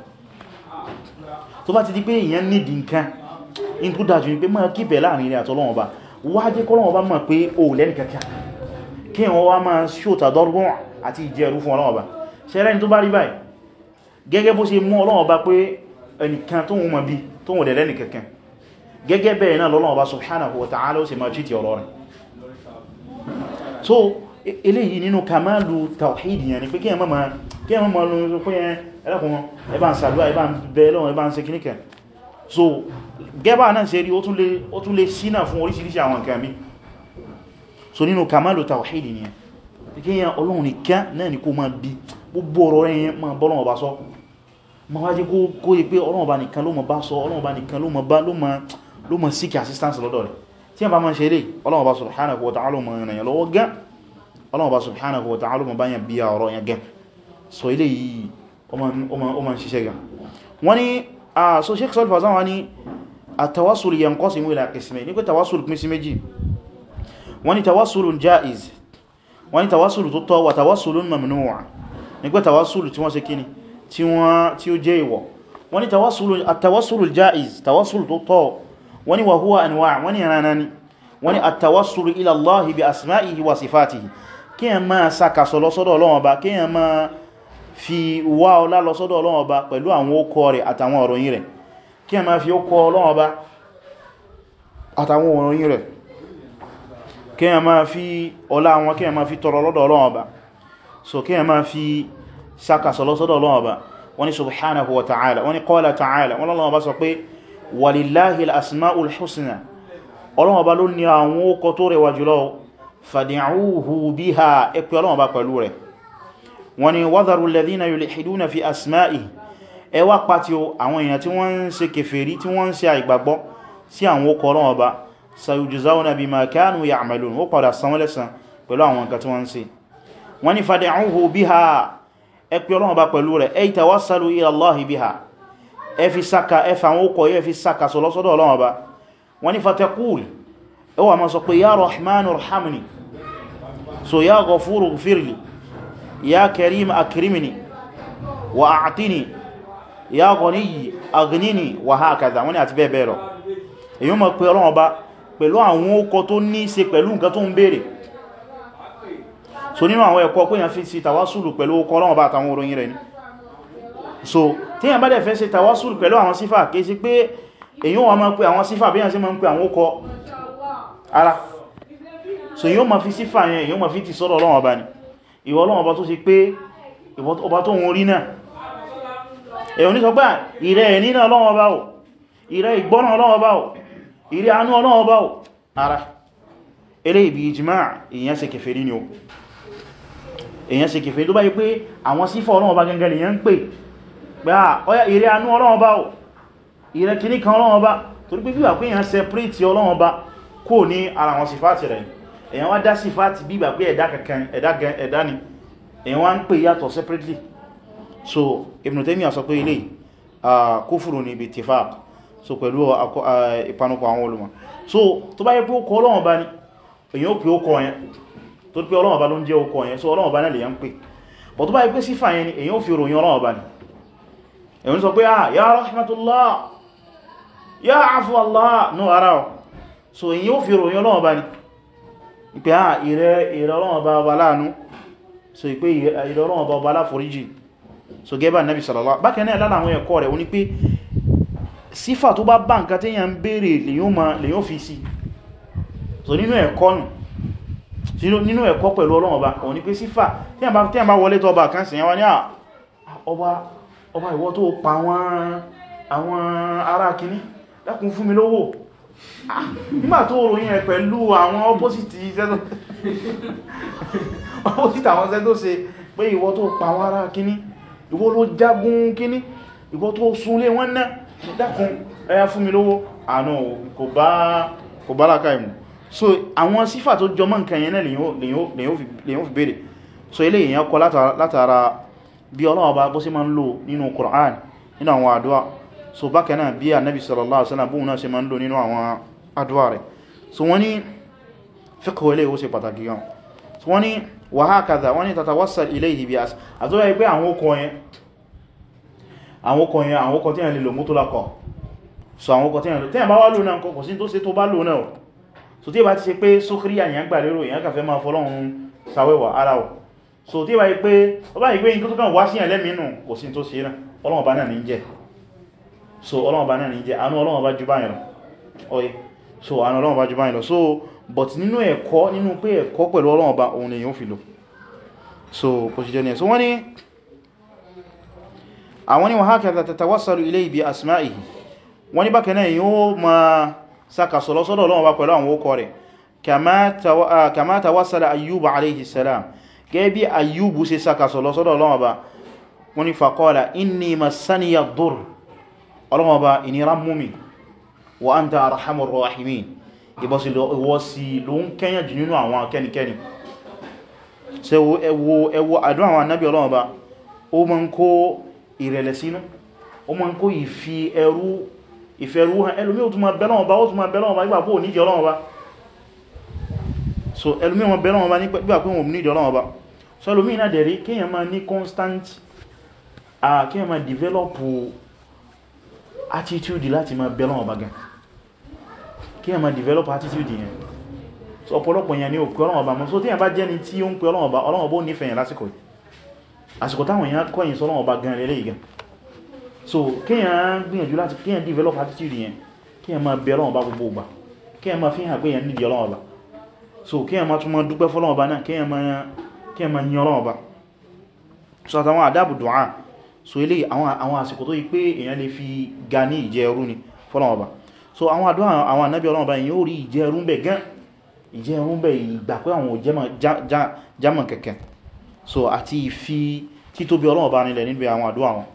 tó bá ti di pé èyàn nídi nǹkan in tó dájú pé máa kíbẹ̀ láàrin èyàn tọ́lọ́wọ́ bá wá jẹ́ kọ́lọ́wọ́ bá mọ̀ pé o lẹ́nì kankan kí wọ́n wá máa ṣòtà dọ́rùn àti ìjẹrú fún Ọlọ́run bá ṣẹ́rẹ́ni tó bá rí báyìí gẹ́gẹ́ bó ṣe mú Ọlọ́run bá ẹnìkan tó ń mọ̀ bíi tó wọ́n dẹ̀lẹ́ni kẹ̀kẹ́ gẹ́gẹ́ bẹ́ẹ̀ náà lọ́lọ́wọ́ bá subhanahu wa ta'ala ó sì máa títí ọ̀rọ̀ rẹ̀ so e-, eléyìí nínú kamalu tawhid yẹn ni pé kí ẹmọ́ ma lọ pé ẹlẹ́kùn ẹbá ń sàdúwà ẹbá ń bẹ lọ́wọ́ ẹbá ń gbogbo ọ̀rọ̀ ẹyẹn máa bọ́lọ́wọ́ bá sọ́ ma wá jẹ́ kó yẹ pé Ọlọ́run Ọba nìkan ló mọ̀ bá sọ Ọlọ́run Ọba nìkan ló mọ̀ bá ló mọ̀ seek assistance lọ́dọ̀ rẹ̀ tí a bá mọ́ ṣe lè Ọlọ́run Ọba subhanahu wa ta'ala mọ̀ ìrìnà lọ́wọ́ gan Ọlọ́run Ọba subhanahu wa ta'ala mọ̀ bá yàn bí i ọ̀rọ̀ yẹn gan so ilé yìí o ma ń ṣiṣẹ́ gan wọ́n ni a so sheikh sọ́lfà zan wa ni a tawasul yanqasimu ila qismayn ní wọ́n ni tawasulun ni tí wọ́n tí ó jẹ́ ìwọ̀ wọ́n ni àtàwásùlù jáìz tàwásùlù tó tọ́ wọ́n ni wa huwa anwa' wọ́n ni rana ni wọ́n ni àtàwásùlù ila Allahi bi asma'ihi wa sifatihi kí yẹn máa sàkàsọ lọ́sọ́dọ̀ Ọlọ́run Ọba kí yẹn máa fi wá ọlá lọ́sọ́dọ̀ Ọlọ́run Ọba pẹ̀lú àwọn okọ rẹ̀ àtàwọn ọ̀ròyìn sákàsọ̀lọ́sọ́dọ̀ Ọlọ́run Ọba wọ́n ní subhanahu wa ta'ala wọ́n ní qala ta'ala wọ́n Ọlọ́run Ọba sọ pé walillahi al-asma'ul husna Ọlọ́run Ọba ló ní àwọn ókọ tó rẹwà jùlọ fad'uhu biha ẹ pè Ọlọ́run pẹ̀lú rẹ̀ wọ́n ní wadharu ẹ pè Ọlọ́run bá pẹ̀lú rẹ̀ ẹ tawassalu ila Allahi biha ẹ fi sáka ẹ fà àwọn okọ̀ yẹ fi sáka sọ lọ́sọ́dọ̀ Ọlọ́run bá wọ́n ní fatakul ẹ wà máa sọ pé ya rahmanu rahamni so ya ghafuru ghfirli ya karim akrimni wa a'tini ya ghani aghnini wa hakaza pẹ̀lú àwọn okọ̀ tó ní ṣe pẹ̀lú nǹkan tó ń béèrè so nínú àwọn ẹ̀kọ́ pé yàn fi sí tàwásùlù pẹ̀lú ọkọ̀ ọlọ́wọ́ bá àtàwọn oròyìn rẹ̀ ni so tí yàn bá dẹ̀ fẹ́ sí tàwásùlù pẹ̀lú àwọn sífà kìí sí pé èyí wọ́n máa pè àwọn sífà bí yàn sí máa ara so yóò máa fi sífà yẹn yóò máa fi ti sọ́dọ̀ ọlọ́wọ́ bá ni ìwọ ọlọ́wọ́ bá tó sì pé ọba tó ń rí náà èyàn ní sọ pé ìrẹ́ ẹ̀ní náà ọlọ́wọ́ bá ò ìrẹ́ ìgbọ́nà ọlọ́wọ́ bá ò ìrẹ́ ni o èyàn ṣe kèfèrí tó bá yí pé àwọn sífọ́ ọlọ́run ọba gẹ́gẹ́ lèyàn ń pè pé ọya ah, ìrẹ́ anú ọlọ́run ọba ò ìrẹ́ kìíní kan ọlọ́run ọba torí pé bíwà pé èyàn separate ọlọ́run ọba kò ní ara wọn sífàtì rẹ̀ èyàn wá dá sífàtì bígbà pé ẹ̀dá kankan ẹ̀dá ni èyàn wá ń pè yàtọ̀ separately so Ibn Taymiyyah sọ pé ilé kúfùrù ni ibi tifaq so pẹ̀lú ìpanupọ̀ àwọn olùmọ̀ so tó bá yẹ pé ó kọ ọlọ́run ọba ni èyàn ó pè ó kọ yẹn tó pé Ọlọ́run Ọba ló ń jẹ́ okọ yẹn so Ọlọ́run Ọba náà lè yẹn ń pè bọ̀ tó bá yí pé sífà yẹn ni èyàn ò fi ròyìn Ọlọ́run Ọba ni èyàn sọ pé ah ya rahmatullah ya afuwallah ní ara ọ̀ so èyàn ò fi ròyìn Ọlọ́run Ọba ni pé ah ìrẹ Ọlọ́run Ọba ọba láàánú so ìpé ìrẹ Ọlọ́run Ọba ọba sífà tó bá bá nǹkan tí èyàn ń béèrè lèyàn fi sí so nínú ẹ̀kọ́ nù nínú ẹ̀kọ́ pẹ̀lú Ọlọ́run ọba òun ni pé sífà tí a bá wọlé tọ́ ọba kan sí ẹwà ní ọba ìwọ tó pa àwọn ará kìíní dákun fún mi lówó nígbà tó ròyìn ẹ̀ pẹ̀lú àwọn opposite àwọn ṣẹ́ tó ṣe pé ìwọ tó pa jagun kìíní ìwọ tó súnlé wọn náà dákun ẹyà fún mi lówó so àwọn sífà tó jọmọ́ nǹkan yẹn lèyàn fi bèèrè so ilé èyàn kọ látara bí Ọlọ́run bá bó sí ma ń lò nínú Qur'an nínú àwọn àdúwà so bákan náà bí Ànábì sallallahu alaihi wasallam bóhun náà sí ma ń lò nínú àwọn àdúwà so wọ́n ní fíkọ̀ so wọ́n ní wa hakadha wọ́n ní tatawassal ilayhi bi as àtúwà pé àwọn okọ̀ so àwọn okọ̀ tí yẹn lè lò tí yẹn bá wá lò so tí bá ti ṣe pé sókírí àyàn gbà lérò èyàn kàfẹ́ máa fọ́lọ́run sàwẹ́wà ara ọ̀ so tí ó bá yí pé nǹkan tó wá sí ẹ̀lẹ́mìnú kò sí tó ṣe náà Ọlọ́run náà ní jẹ́ àwọn ni wọ́n hákẹ́ tàtàwásàrù ilé ibi asmáìhì wọ́n ni bákẹ́ náà yóò máa sàkàsọ̀ lọ́sọ́dọ̀ Ọlọ́run Ọba pẹ̀lú àwọn okọ̀ rẹ̀ kama tawassala ayyubu alayhi salam gẹ́gẹ́ bí ayyubu ṣe sàkàsọ̀ lọ́sọ́dọ̀ Ọlọ́run Ọba wọ́n ní faqala inni massaniya dur Ọlọ́run Ọba ìnira mú mi wa anta arhamur rahimin ìbọ̀sí ló ń kẹ́yàn jù nínú àwọn kẹ́nikẹ́ni ìfẹ̀rúhàn ẹlùmí ò tún ma bẹ́lọ́wọ́ bá ó tún ma bẹ́lọ́wọ́ bá nígbà pé ò níjẹ́ ọlọ́wọ́ bá so ẹlùmí wọn bẹ́lọ́wọ́ bá nígbà pé ò níjẹ́ ọlọ́wọ́ bá so ẹlùmí náà dẹ̀rí kíyàn ma ní constant kíyàn ma develop attitude láti ma bẹ́lọ́wọ́ bá gan kíyàn ma develop attitude yẹn so ọ̀pọ̀lọpọ̀ yẹn ni òkú ọlọ́wọ́ bá mọ́ so tíyàn bá jẹ́ ni tí ó ń pẹ ọlọ́wọ́ bá ọlọ́wọ́ bó nífẹ̀ẹ́ lásìkò yìí àsìkò táwọn èèyàn kọ́yìn sọ́lọ́wọ́ bá gan lélẹ́ gan so kíyàn gbìyànjú láti kíyàn develop attitude yẹn kíyàn máa bẹ Ọlọ́run bá gbogbo ọgbà kíyàn máa fi hàn pé yẹn nídi Ọlọ́run bá so kíyàn máa tún máa dúpẹ́ fọ́lọ́run bá náà kíyàn máa yìn Ọlọ́run bá so àtàwọn àdábù dùn so ilé àwọn àsìkò tó yí pé èyàn lè fi ga ní ìjẹ ẹrú ni fọ́lọ́run bá so àwọn àdúrà àwọn ànábì Ọlọ́run bá yìí ó rí ìjẹ bẹ̀ gan ìjẹ ẹrú bẹ̀ ìgbà pé àwọn ò jámọ̀ kẹ̀kẹ́ so àti ìfi títóbi Ọlọ́run bá nílẹ̀ níbi àwọn àdúrà wọn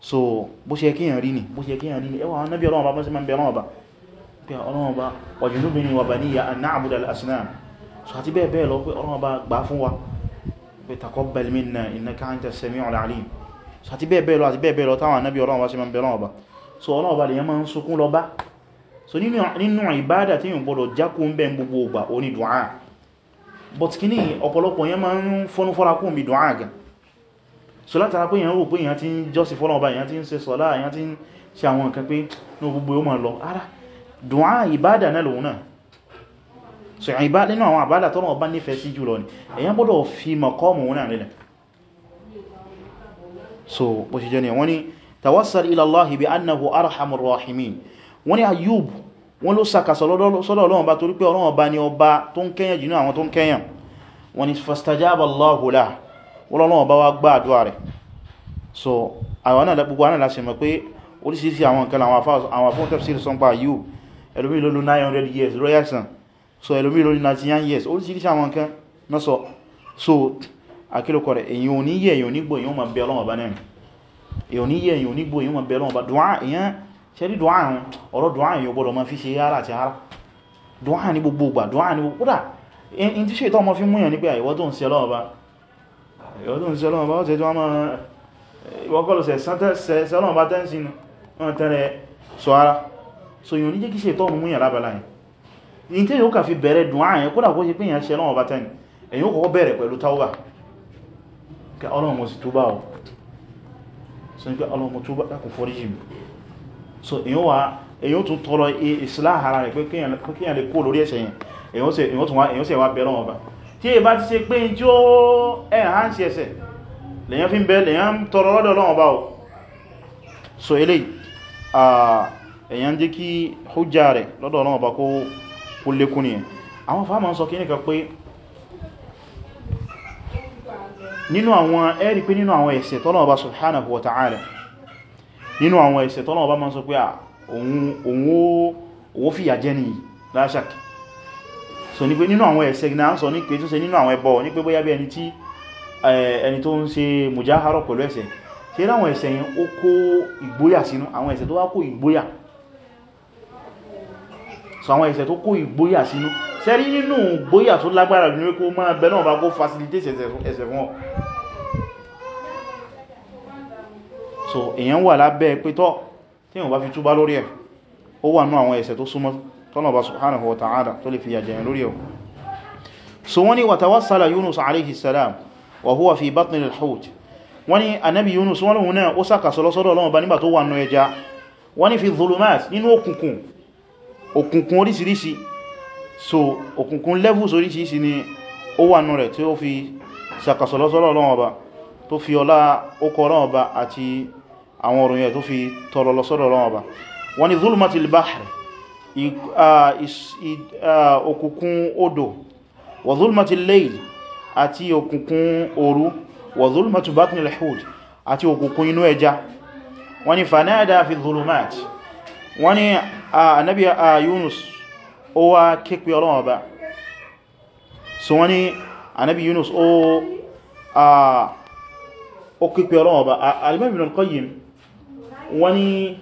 so bó ṣe kíyàn rí ní bó ṣe kíyàn rí ní ẹwà nábí ọlọ́wọ́ bá bá sí ma ń bẹ ọlọ́wọ́ bá pé ọlọ́wọ́ bá wàjúnúbí ni wà bá níyà an na'budu al-asnam so àti bẹ́ẹ̀ bẹ́ẹ̀ lọ pé ọlọ́wọ́ bá gbà fún wa pé taqabbal minna innaka anta sami'ul alim so àti bẹ́ẹ̀ bẹ́ẹ̀ lọ àti bẹ́ẹ̀ bẹ́ẹ̀ but kí ní ọ̀pọ̀lọpọ̀ yẹn máa ń fọ́nú so látara pé èyàn rò pé èyàn ti ń jọ́sí fọ́lọ́ọ̀bá èyàn ti ń ṣe sọ́lá èyàn ti ń ṣe àwọn nǹkan pé ní gbogbo yóò máa lọ ara dùnà ìbádà náà lòun náà so ìbá nínú àwọn àbádà tọ́nà ọba nífẹ̀ẹ́ sí jùlọ ni èyàn gbọ́dọ̀ fi mọ̀kọ́mù wọn náà rẹ̀ so bó ṣe jẹ́ ni wọ́n ni tawassal ila Ọlọ́run bá wá gba àdúwà rẹ̀ so àwọn náà gbogbo náà láti mọ̀ pé oríṣiríṣi àwọn nǹkan àwọn afọ́n tafsir sọ pa yíò ẹlòmí ló lò 900 years royal sun so ẹlòmí ló lò 99 years oríṣiríṣi àwọn nǹkan náà sọ so akílùkọ rẹ̀ èyàn ò ní yẹ èyàn onígbò èyàn ma bẹ Ọlọ́run bá náà èyàn ò ní yẹ èyàn onígbò èyàn ma bẹ Ọlọ́run bá dùn èyàn ṣe rí dùn àrùn ọ̀rọ̀ dùn àrùn yóò gbọ́dọ̀ ma fi ṣe yára àti ara dùn àrùn ní gbogbo ìgbà dùn àrùn ní gbogbo ìwọ́dún sọ́lọ́wọ́ bá ọ̀tẹ́ tó wá máa ìwọ́kọ́lọ̀sẹ̀ sọ́lọ́wọ́ bá tẹ́ǹsì náà tẹ́rẹ so yíò ní jẹ́ kí ṣe tọ́ mú yàrá bala yìí ní tí yóò kà fi bẹ̀rẹ̀ dùn ààyàn kódà kó ṣe pé yàn ṣe lọ́wọ́ bá tẹ́ni ẹ̀yìn ó so ní pé Ọlọ́run mo túbá dákùn foríjì mi so èyàn wà èyàn tún tọrọ islah ara rẹ̀ pé kíyàn lè kó lórí ẹ̀ṣẹ̀ èyàn sì wá bẹ̀rẹ̀ wọn tí è bá ti ṣe pé tí ó enhance ẹsẹ̀ lèyàn fi ń bẹ lèyàn tọrọ lọ́dọ̀ Ọlọ́run bá o so eléyìí èyàn jẹ́ kí hujja rẹ̀ lọ́dọ̀ Ọlọ́run bá kó lékún ni àwọn fàámà ń sọ kí níka pé nínú àwọn ẹ̀rí pé nínú àwọn ẹ̀ṣẹ̀ tọ́lọ́run bá ta'ala nínú àwọn ẹ̀ṣẹ̀ tọ́lọ́run bá máa sọ pé òun ó fìyà jẹ́ nìyí láṣàkì so ní pé nínú àwọn ẹ̀ṣẹ̀ náà sọ ní pé tó ṣe nínú àwọn ẹbọ ní pé bóyá bí ẹni tí ẹni tó ń ṣe mùjáhárọ̀ pẹ̀lú ẹ̀ṣẹ̀ ṣe láwọn ẹ̀ṣẹ̀ yẹn ó kó ìgbóyà sínú àwọn ẹ̀ṣẹ̀ tó wá kó ìgbóyà so àwọn ẹ̀ṣẹ̀ tó kó ìgbóyà sínú sẹ́rí nínú ìgbóyà tó lágbára jù ní pé ó máa bẹ náà bá kó facilitate ẹ̀ṣẹ̀ fún ọ so èèyàn wà lábẹ́ pé tọ́ tí wọ́n bá fi túbá lórí ẹ̀ ó wà nú àwọn ẹ̀ṣẹ̀ tó súnmọ́ tọ́nà bá subhanahu wa ta'ala tó lè fi yàjẹ̀yàn lórí ẹ̀ so wọ́n ni wa tawassala yunus alayhi salam wa huwa fi batni al-hut wọ́n ni anabi yunus wọ́n lóhun náà ó sàkàsọ lọ́sọ́dọ̀ Ọlọ́run bá nígbà tó wà nù ẹja wọ́n ni fi zulumat nínú òkùnkùn òkùnkùn oríṣiríṣi so òkùnkùn levels oríṣiríṣi ni ó wà nù rẹ̀ tí ó fi sàkàsọ lọ́sọ́dọ̀ Ọlọ́run bá tó fi ọlá okọ̀ Ọlọ́run àti àwọn òrùn yẹ tó fi tọrọ lọ́sọ́dọ̀ Ọlọ́run bá wọ́n zulumat al-bahr òkùnkùn odò wa zulmati al-layl àti òkùnkùn òru wa zulmatu batni al-hut àti òkùnkùn inú ẹja wọ́n ni fanada fi dhulumat wọ́n ni ànábì Yunus ó wá képe Ọlọ́run Ọba so wọ́n ni ànábì Yunus ó képe Ọlọ́run Ọba al-Imam Ibn al wọ́n ni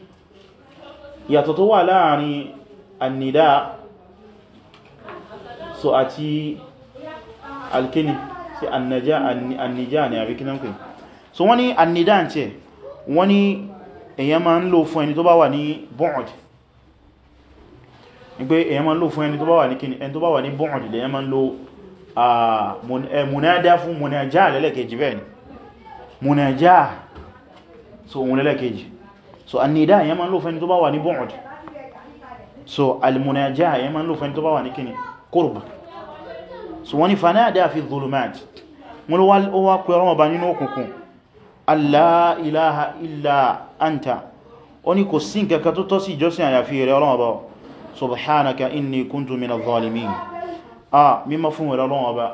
yàtọ̀ tó wà láàrin annida so ati alkini sí annija ni àríkinan pé so wọ́n ní annida ń tẹ́ wọ́n ní èyàn ma ń lò fún ẹni tó bá wà ní bọ́ọ̀dì ní pé èyàn ma ń lò fún ẹni tó bá wà ní kíni ẹni tó bá wà ní bọ́ọ̀dì lèyàn ma ń lò múnádá eh, fún múnájá lẹ́lẹ́kejì bẹ́ẹ̀ ni múnájá so òun so annida èyàn ma ń lò fún ẹni tó bá wà ní so almunaja yẹn ma ń lò fún ẹni tó bá wà ní kíni kórùbù so wọ́n ni fanáàdá fi zulumat wọ́n ló wá pẹ̀rọ ọba nínú òkùnkùn alla ilaha illa anta ó ní kò sí nǹkankan tó tọ́ sí ìjọsìn àyàfi rẹ̀ ọlọ́ọba subhanaka inni kuntu min az-zalimin a mímọ́ fún rẹ̀ ọlọ́ọba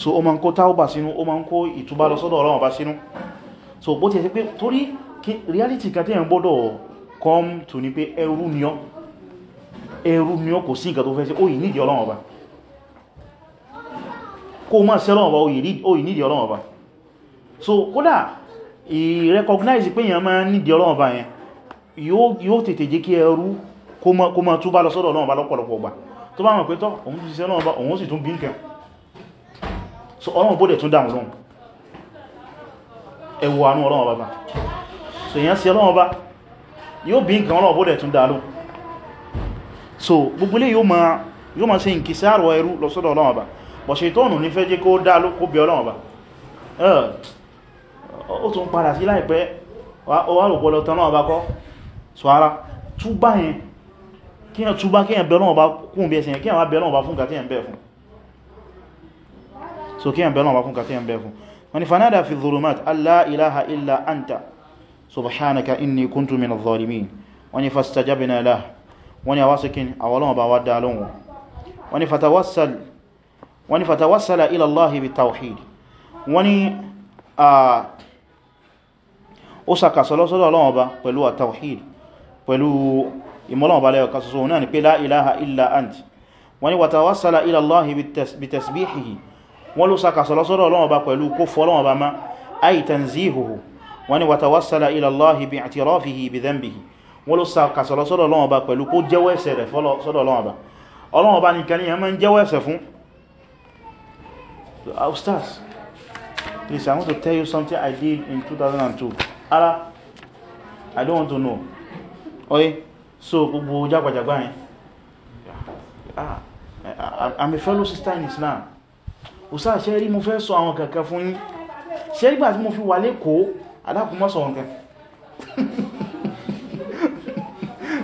so o ma ń kó tauba sínú o ma ń kó ìtúbá lọ sọ́dọ̀ Ọlọ́run bá sínú so bó ti ẹ̀ sí pé torí reality kan tí ẹ̀ ń gbọ́dọ̀ come to ni pé ẹrú ni ọ́ ẹrú ni ọ́ kò sí nǹkan tó fẹ́ sí ó yìí nídìí Ọlọ́run bá kó má sẹ́ Ọlọ́run bá ó yìí nídìí Ọlọ́run bá so kódà ìrecognize pé èèyàn máa nídìí Ọlọ́run bá yẹn yóò tètè jẹ́ kí ẹrú kó má túbá lọ sọ́dọ̀ Ọlọ́run bá lọ́pọ̀lọpọ̀ gbà tó bá mọ̀ pé tọ́ òun ti sẹ́ Ọlọ́run bá òun sì tún bí nǹkan so ọlọ́run bó dẹ̀ tún dáhùn lóhun ẹwọ àánú ọlọ́run ọba so èyàn sí ọlọ́run ọba yóò bí nǹkan ọlọ́run bó dẹ̀ tún dáa lóhun so gbogbo ilé yóò máa yóò máa ṣe nkì sí àrọ̀ ẹrú lọ́sọ́dọ̀ ọlọ́run ọba bọ̀ ṣe tọ́nù ní fẹ́ jẹ́ kó dáa ló kó bí ọlọ́run ọba ó tún padà sí láìpẹ́ ó wá rògbọ́ lọ tọ́nà ọba kọ́ so ara túbá yẹn kíyàn túbá kíyàn bẹ̀rún ọba kún bí ẹsẹ̀ yẹn kíyàn wá bẹ̀rún ọba fún kàtíyàn bẹ̀ so kí ẹ̀bẹ̀ náà wá fún kàtí ẹ̀bẹ̀ fún wani fanada fi dhulumat alla ilaha illa anta subhanaka inni kuntu min adh-dhalimin wani fastajabna lah wani awasikin awolon ba wadda lọ́wọ́ wani fatawassala ila allahi bi tawhid wani a ó sàkàsọ́lọ́sọ́dọ̀ ọlọ́wọ́ ba pẹ̀lú at-tawhid pẹ̀lú ìmọ́lọ́wọ́ ba lẹ́yọ̀ kasoso náà ni pé la ilaha illa anta wani watawassala ila allahi bi tasbihihi wọ́n ló sàkàsọ̀ lọ́sọ́dọ̀ Ọlọ́run Ọba pẹ̀lú kó fọ́ Ọlọ́run Ọba má ay tanzihuhu wọ́n ni watawassala ila Allahi bi'tirafihi bidhanbihi wọ́n ló sàkàsọ̀ lọ́sọ́dọ̀ Ọlọ́run Ọba pẹ̀lú kó jẹ́wọ́ ẹ̀ṣẹ̀ rẹ̀ sọ́dọ̀ Ọlọ́run Ọba Ọlọ́run Ọba nìkan ni ẹmọ́ ń jẹ́wọ́ ẹ̀ṣẹ̀ fún uh, Ustaz, please, I want to tell you something I did in 2002 ara I don't want to know oye so gbogbo jagbajagba yẹn ah, I'm a fellow sister in Islam òsá ṣe rí mo fẹ́ sọ àwọn kankan fún yín ṣe rí gbà tí mo fi wà lẹ́kọ̀ọ́ adákùn mọ́ sọ nǹkan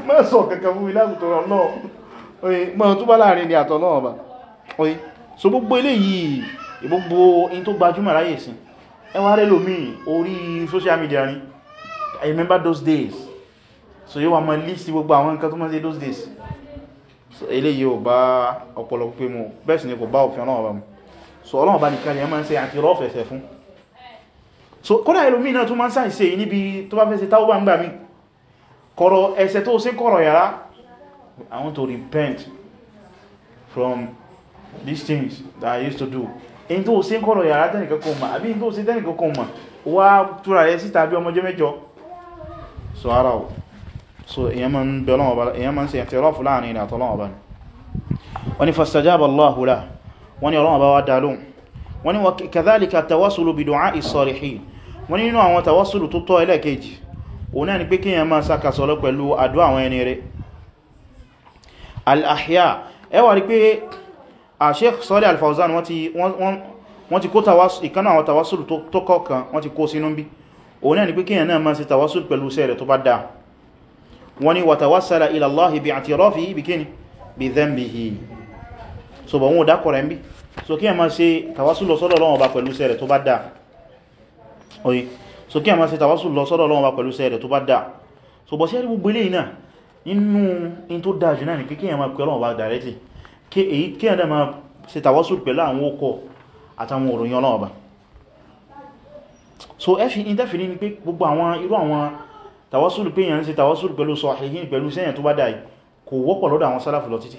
mọ́ sọ kankan fún mi láàrùtọ̀rọ̀ náà oye mọ́ tó bá láàrin ní àtọ̀ náà bá oye so gbogbo eléyìí gbogbo in tó gbajúmọ̀ láyé sí ẹwà rẹ̀ lómi social media ni I remember those days so yíwa mọ́ list gbogbo àwọn nǹkan tó mọ́ sí those days so eléyìí ò bá ọ̀pọ̀lọpọ̀ pé mo bẹ́ẹ̀ sì ni kò bá òfin náà bá mu so Ọlọ́run bá nìkan yẹn máa ń ṣe àti rọ́fẹ̀ẹ́sẹ̀ fún so kódà ẹlòmí náà tún máa ń sáì ṣe yìí níbi tó bá fẹ́ ṣe táwọn bá ń gbà mí kọ̀rọ̀ ẹ̀ṣẹ̀ tó ṣe kọ̀rọ̀ yàrá I want to repent from these things that I used to do in tó ṣe kọ̀rọ̀ yàrá tẹ́nìkan kò mọ̀ àbí in tó ṣe tẹ́nìkan kò mọ̀ wá túra rẹ̀ síta bí ọmọjọ́ mẹ́jọ so ara o so èyàn máa ń ṣe àti rọ́fù láàrin ìrìn wọ́n ni fastajaba Allahu lahu wọ́n ní ọlọ́wọ́ bá wá dálóhùn wọ́n ní kàzálìkà tawasulu bi du'a is-salihin wọ́n ní nínú àwọn tawasulu tó tọ́ ẹlẹ́kejì òun náà ni pé kíyàn máa sákàsọ́lọ́ pẹ̀lú àdúà àwọn ẹni rẹ̀ al-ahya ẹ wá rí pé a Sheikh Salih Al-Fawzan wọ́n ti kó ìkaná àwọn tawasulu tó kọ̀ọ̀kan wọ́n ti kó sínú bí òun náà ni pé kíyàn náà máa sí tawasulu pẹ̀lú sẹ́rẹ̀ tó bá dáa wọ́n ní watawassala ila Allahi bi'atirafihi bi bi dhanbihi so bọ̀ wọn ò dákọ̀ rẹ̀ ń bí so kí ẹ máa ṣe tàwásù lọ sọ́dọ̀ Ọlọ́run Ọba pẹ̀lú iṣẹ́ rẹ̀ tó bá dáa oye so kí ẹ máa ṣe tàwásù lọ sọ́dọ̀ Ọlọ́run Ọba pẹ̀lú iṣẹ́ rẹ̀ tó bá dáa so bọ̀ sí ẹ̀rí gbogbo eléyìí náà nínú in tó dáa jù náà ni pé kí ẹ máa pè Ọlọ́run Ọba dàrẹ́tì kí èyí kí ẹ máa ṣe tàwásù pẹ̀lú àwọn okọ̀ àtàwọn òròyìn Ọlọ́run Ọba so ẹ fi ìdẹ́fì pé gbogbo àwọn irú àwọn tàwásù pẹ̀lú sọ̀hìhìn pẹ̀lú sẹ́yìn tó bá dáa kò wọ́pọ̀ lọ́dọ̀ àwọn sálàfù lọ títí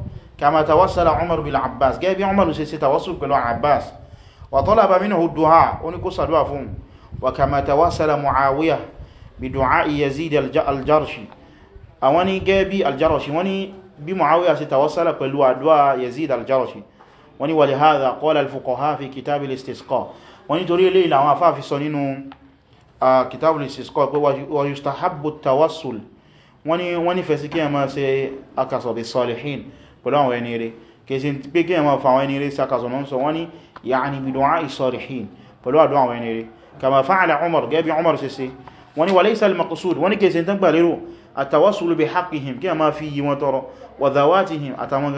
كما توسل عمر بالعباس جاء بي عمر سيسي توسل بالعباس وطلب منه الدعاء ونكو صدوا وكما توسل معاوية بدعاء يزيد الجرشي أواني جاء بي الجرشي واني بمعاوية ستوسل بلو دعاء يزيد الجرشي واني ولهذا قال الفقهاء في كتاب الاستسقاء واني تري لي لما في سنين كتاب الاستسقاء ويستحب التوسل واني, واني فسكي ما سي أكسر بالصالحين pẹ̀lú àwọn ẹni rẹ̀ kèsí pé kí ẹmọ fàwọn ẹni rẹ̀ sàkàsọ̀ mọ́ sọ wọ́n ni ya'ni bi du'a'i salihin pẹ̀lú àdó àwọn ẹni rẹ̀ kama fa'ala Umar gẹ́bí Umar ṣe ṣe wọ́n ni wa laysa al-maqsud wọ́n ni kèsí tán gbà lérò at-tawassulu bi haqqihim kí a máa fi yí wọn tọrọ wa dhawatihim àtàwọn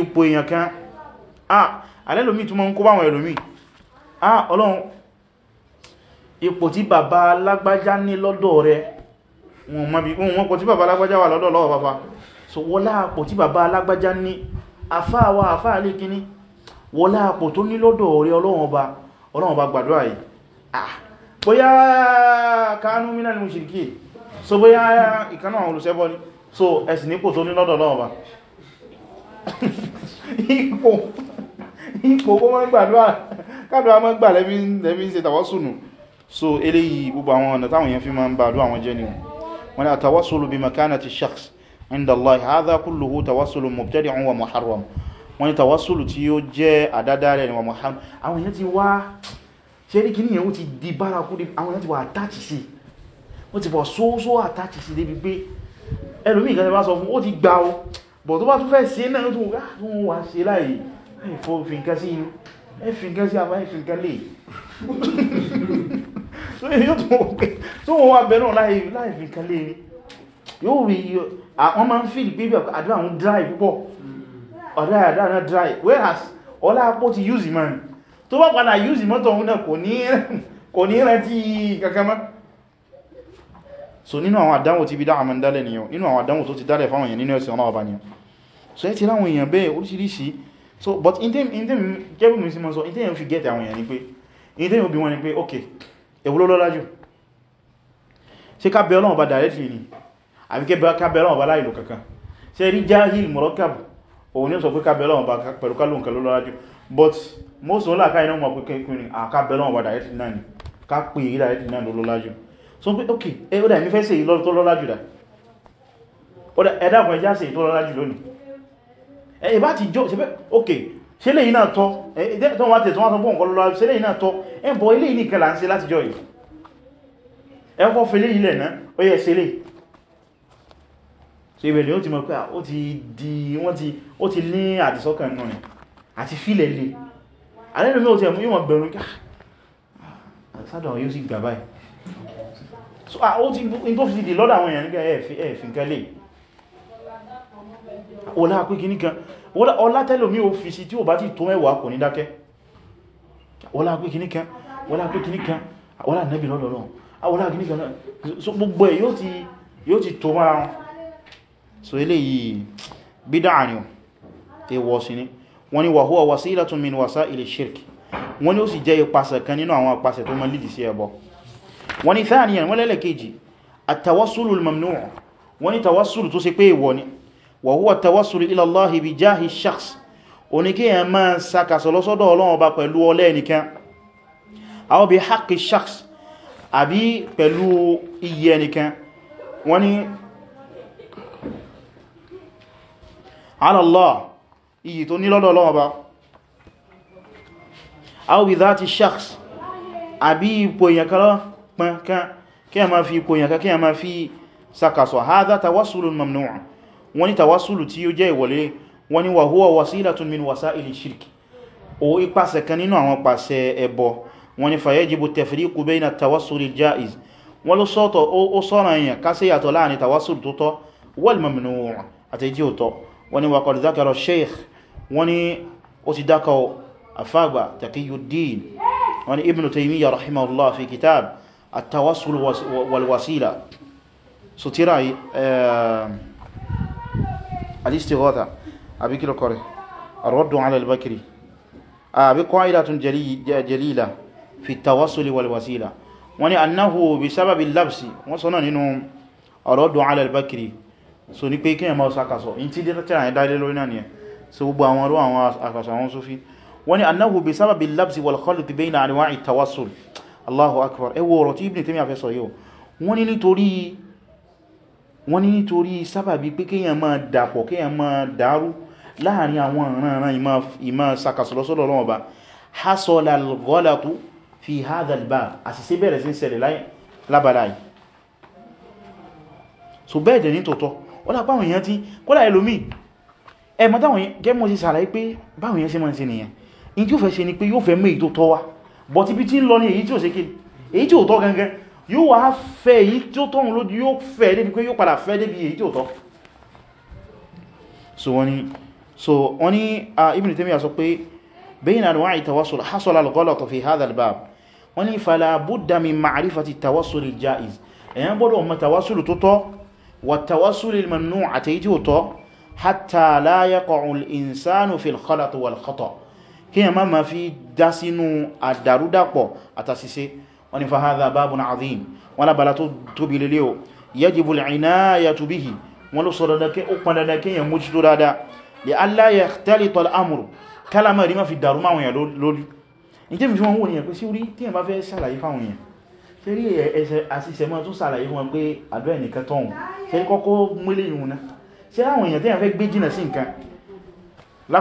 ipò èèyàn kan ah alẹ́lòmí tó mọ́ ń kó báwọn ẹlòmí ah ọlọ́run ipò tí bàbá lágbájá ní lọ́dọ̀ rẹ wọn mọ́ bí wọn pọ̀ tí bàbá lágbájá wà lọ́dọ̀ lọ́wọ́ bàbá so wọlá àpò tí bàbá lágbájá ní afáà wa afáà lè kíní wọlá àpò tó ní lọ́dọ̀ rẹ ọlọ́run ọba ah bóyá kánú mínà ni mo ṣe kí so bóyá ìkanú àwọn olùsẹ́bọ́ ni so ẹ̀sìn nípò tó ní ipò owó wọ́n gbàdúrà kádùrà mọ́ gbà lẹ́bí ṣe tàwọ́sùnù so eléyìí gbogbo àwọn ọ̀nà táwọn èèyàn fi máa ń bàdú àwọn jẹ́ ni wọ́n ni àtàwọ́sùlù bí makanati shakhs inda Allah hadha kulluhu tawassul mubtadi'un wa muharram wọ́n ni tawassul tí ó jẹ́ àdádálẹ̀ ni wa muharram àwọn èèyàn ti wá ṣe rí kí níyàwó ti di bárakú àwọn èèyàn ti wà attach sí wọ́n ti bọ̀ sóósó attach sí débi pé ẹlòmí ìgbà bá sọ fún ó ti gbà ó bọ̀ tó bá tún fẹ́ sí náà tó wà sí láyìí ìfòfinkan sí ìfinkan sí àmá ìfinkan lè tó wọ́n wà bẹ̀rún lè yóò rí kò ní rántí kankanmá so nínú àwọn àdánwò tí bí dáa mọ́ ń dálẹ̀ nìyàn nínú àwọn àdánwò tó ti dálẹ̀ fáwọn èèyàn nínú ẹ̀sìn ọlọ́ọ̀bá nìyàn so ẹ ti ráwọn èèyàn bẹ́ẹ̀ oríṣiríṣi so but in them in them gẹ́bù mi sí mọ́ sọ in them fi get àwọn èèyàn ni pé in them bí wọ́n ni pé ok èwo ló lọ́lá jù ṣe ká bẹ Ọlọ́run directly ni àbí ká bẹ Ọlọ́run bá láìlò kankan ṣe rí jahil murakkab òun ni sọ pé ká bẹ Ọlọ́run pẹ̀lú ká lóǹkan ló jù but most of láàká iná mọ̀ pé kẹkùn ni àká bẹ Ọlọ́run directly náà ni ká pè ìbá ti jọ ṣe okay ṣe lè iná tọ́ tó wá tẹ̀ tó wá tọ́ bọ́n kọlọ́lọ́ ṣe lè iná tọ́ ẹbọ̀ ilé ìní kẹlà ń ṣe láti jọ yìí ẹkọ́ fẹ́lé ilẹ̀ náà ó yẹ ṣe lè so ibẹ̀ ni ó ti mọ̀ pé ó ti di wọ́n ti ó ti ní àdìsọ́kàn nù rẹ̀ àti fílẹ̀ lè alẹ́nu mẹ́ òtí ẹ̀mú ọlá pé kìíní kan ọlá tẹ́lò mí ò fi sí tí ó bá ti tó mẹ́wàá kò ní dákẹ́ ọlá pé kìíní kan ọlá pé kìíní kan ọlá nẹ́bì lọ́lọ́lọ́ ah, ọlá kìíní kan so gbogbo ẹ̀ yóò ti tó mara wọn so eléyìí bídá ni ẹ wọ́ sí ni wọ́n ni wa huwa wasilatun min wasa'ili shirk wọ́n ni ó sì jẹ́ ipasẹ̀ kan nínú àwọn apasẹ̀ lẹ́lẹ̀kejì at-tawassulul wọ́n ni tawassulu tó ṣe pé ìwọ ni wa huwa tawassul ila Allahi bi jahi shakhs oníkéyàn máa ń sakasọ̀ lọ́sọ́dọ̀ Ọlọ́run Ọba pẹ̀lú ọlá ẹnìkan aw bi haqqi shakhs àbí pẹ̀lú iyì ẹnìkan wọ́n ni ala Allah iyì tó ní lọ́dọ̀ Ọlọ́run Ọba aw bi dhati shakhs àbí ipò èyàn kan pẹ̀kan kí a máa fi ipò èyàn kan kí a máa fi sakasọ̀ wọ́n ní tàwásùlù tí ó jẹ́ ìwọlé wọ́n ní wa huwa wasilatun min wasa'ili shirk o ipasẹ̀ kan nínú àwọn pàṣẹ ẹbọ wọ́n ní fayajibu tafriqu bayna tawassul al-ja'iz wọ́n ló sọ́tọ̀ ó sọ́rọ̀ èèyàn kásẹ̀ yàtọ̀ láàrin tawassul tó tọ́ wal mamnu' àti jí òtọ́ wọ́n ní wa qad dhakara sheikh wọ́n ní ó ti al-istighatha àbí kí lọ́kọ̀ rẹ̀ ar-raddu ala al-bakri àbí qa'idatun jalila fi at-tawassuli wal-wasila wọ́n ni annahu bi sababi al-labsi wọ́n sọ náà nínú ar-raddu ala al-bakri so ní pé kí ẹ̀mọ́ sàkàsọ̀ in ti dé tẹ́rà ní dáilé lórí náà nìyẹn so gbogbo àwọn ọrọ̀ àwọn àkàsọ̀ àwọn sófí wọ́n annahu bi sababi al wal khalti bayna anwa'i tawassul Allahu akbar ẹwọ ọ̀rọ̀ tí Ibn Taymiyyah fẹ́ sọ yóò wọ́n ni wọ́n ní nítorí sábàbí pé kéèyàn máa dàpọ̀ kéèyàn máa dàrú láàrin àwọn ìrànràn ìmá sàkàsọ̀lọ́sọ́lọ́ Ọlọ́run Ọba hasọ̀lá fi hadalba àṣìṣẹ́ bẹ̀rẹ̀ sí ṣẹlẹ̀ lábàlá yìí so bẹ́ẹ̀ jẹ́ ní tòótọ́ wọ́n lápá àwọn èèyàn tí kọ́lá ẹlòmí ẹ mọ́ ni pé yóò fẹ́ mú èyí tó tọ́ wá bọ̀ tí bí tí yóò wá fẹ́ èyí tí ó tọ́hun lójú yóò fẹ́ débi pé yóò padà fẹ́ débi èyí tí ó tọ́ so wọ́n ni so wọ́n ni a Ibn Taymiyyah sọ pé bayna anwa'i tawassul hasala al-ghalat fi hadha al-bab wọ́n ni fala budda min ma'rifati tawassul al-ja'iz èyàn gbọ́dọ̀ mọ̀ tawassul tó tọ́ wa tawassul al àti èyí tí ó tọ́ hatta la yaqa'u al-insanu fi wal-khata' kí yẹn ma fi dá sínú àdàrúdàpọ̀ àtàṣiṣe wọ́n ni fahadha babun azim wọ́n lábàlá tó tóbi lélé o yajibu al-inayatu bihi wọ́n ló sọ dandakin ó pọn dandakin yẹn mójútó dáadáa li alla yakhtalita al-amru kálàmà rí ma fi dàrú máwọn yẹn lórí in tí mi fi wọn wò ní ẹ̀kú sí orí tí ẹ̀ bá fẹ́ sàlàyé fáwọn yẹn sẹ́rí ẹ̀ẹ̀ṣẹ̀ àṣìṣẹ́ mọ́ tún sàlàyé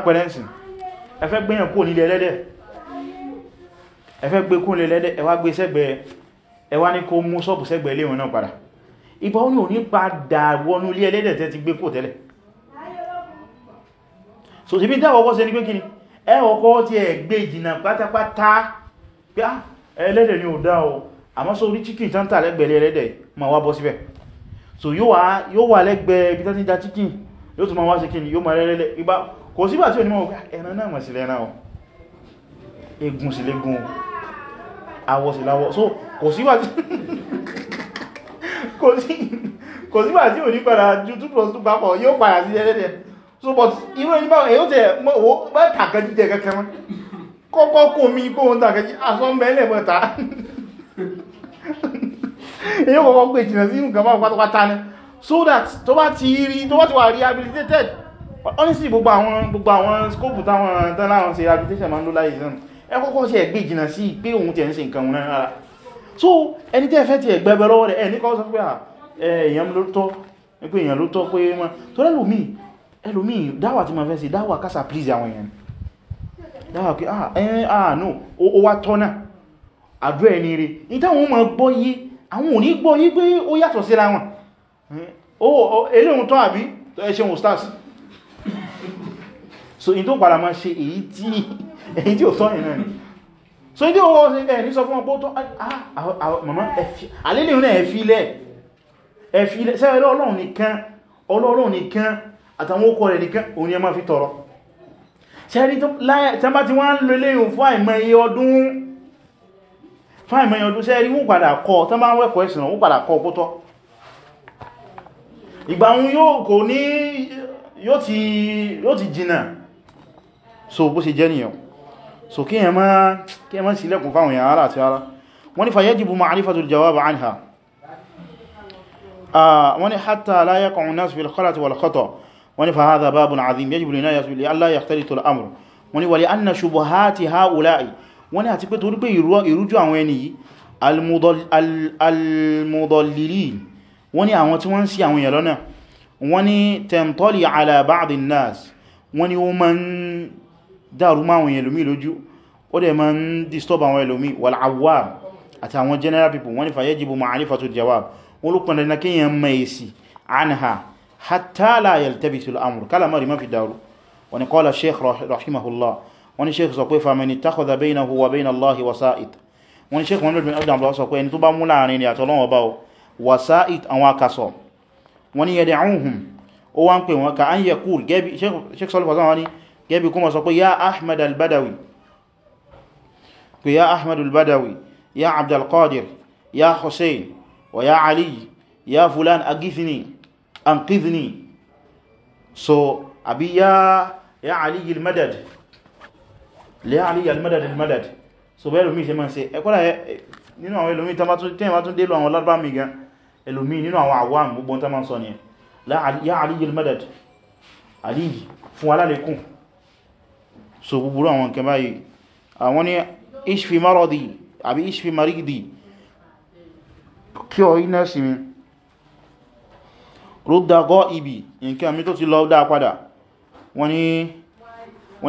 ẹlẹ́dẹ̀ẹ́ ẹfẹ́ gbé kún lè lẹ́dẹ̀ ẹwà gbé sẹ́gbẹ̀ ẹwà ní kó mú sọ́pù sẹ́gbẹ̀ ilé wọn náà padà ìgbà ó òní padà wọnú ilé ẹlẹ́dẹ̀ tẹ́ ti gbé kò tẹ́lẹ̀ so ti bí dáwọ́kọ́ ṣe ní pé kíni ẹwọ́kọ́ ti ẹ̀ gbé ìjìnà pátápátá ah, ni ò dá o àmọ́ sórí chicken tán so yóò wà lẹ́gbẹ̀ẹ́ ibi tán ti da chicken yóò tún ma wá sí kíni yóò ma lẹ́lẹ́lẹ́ ìbá kò síbà tí ò ah, gun awọ́sí so kò síwà tí ò ní padà ju 2 plus 2 papọ̀ yóò padà sí ẹlẹ́dẹ̀ so but inú ẹni báwọn èyí tẹ owó bá tàkẹ́ jíjẹ kẹ́kẹ́ mọ́ kọ́kọ́ kò mí kó ń tàkẹ́ jí aṣọ mẹ́lẹ̀ mọ́ta that tó bá ti rí tó rehabilitated honestly gbogbo àwọn ẹkọ́kọ́ sí ẹgbẹ́ ìjìnà sí pé òun tẹ̀ ń ṣe nǹkan wọn rárá so ẹni tẹ́ fẹ́ ti ẹgbẹ́gbẹ́ lọ́wọ́ rẹ̀ ẹni kọ́ sọ pé èèyàn ló tọ́ pé èèyàn ló tọ́ pé mọ́ tó lẹ́lòmíì ẹlòmíì dáwà tí ma fẹ́ sí dáwà kásà please àwọn èèyàn dáwà pé ah no ó wá tọ́nà àdó ẹni rí ní táwọn ọmọ gbọ́ yí àwọn òní gbọ́ yí pé ó yàtọ̀ síra wọn eléhun tán so in tó padà máa ṣe èyí tí èyí tí ó tọ́ ìrìn rẹ̀ so ní owó ẹ̀ ní sọ fún ọpọ́ tó mama alélè rẹ̀ ẹ̀fílẹ̀ ẹ̀fílẹ̀ sẹ́rẹ̀ ọlọ́run nìkan ọlọ́run nìkan àtàwọn okọ̀ rẹ̀ nìkan òní ẹ máa fi tọrọ sẹ́rí tẹ́mbá ti wọ́n lè léyìn fún àìmọye ọdún fún àìmọye ọdún sẹ́rí wọ́n padà kọ tẹ́mbá ń wẹ́kọ̀ọ́ ẹ̀sìn wọ́n padà kọ pótọ́ ìgbà wọn yóò kò ní yóò ti jìnà so bó ṣe jẹ́ nìyàn so kí ẹmọ́ sílẹ̀kùn fáwọn èèyàn ara àti ara wọ́n ni fayajibu ma'arifatul jawab anha ah, wọ́n ni hatta la yaqa an-nas fil khalati wal khata wọ́n ni fa hadha babun azim yajibu lina yasu li alla yahtalitu al-amr wọ́n ni wa li anna shubuhati ha'ula'i wọ́n ni àti pé torí pé ìrújú àwọn dàrú máa wọ̀nyẹ̀ lómi lójú ó dẹ̀ ma ń disturb àwọn ẹlòmí wal awam àti àwọn general people wọ́n ni fa yajibu ma'rifatu jawab wọ́n ló pọ̀nà na kíyàn mẹ́ẹ̀sì anha hatta la yaltabisul amru kala mari ma fi dàrú wani qala sheikh rahimahullah wani sheikh sọ pé famani takhadha bainahu wa bain allahi wasa'it wani sheikh muhammad bin abdul abdul sọ pé ẹni tó bá gẹ́bí kúmọ̀ sọ pé ya ahmad al-badawi pé ya ahmad al-badawi ya abdulkadir ya hussein wa ya ali ya fulan agifini anqidhni so abi ya ya ali al-madad li ali al-madad al-madad so bẹ́ẹ̀ lómi ṣe máa ṣe ẹ̀kọ́lá nínú àwọn ẹlòmí tẹ́yìnwá tún délò àwọn lábá mi gan ẹlòmí nínú àwọn àwọn gbogbo tán máa sọ ni ya ali al-madad ali fún alálẹ́kùn so búburú àwọn nǹkan báyìí àwọn ni ishfi maradi àbí ishfi maridi kí ọ iná sí mi rúdà gọ́ ibi nǹkan mi tó ti lọ dá padà wọ́n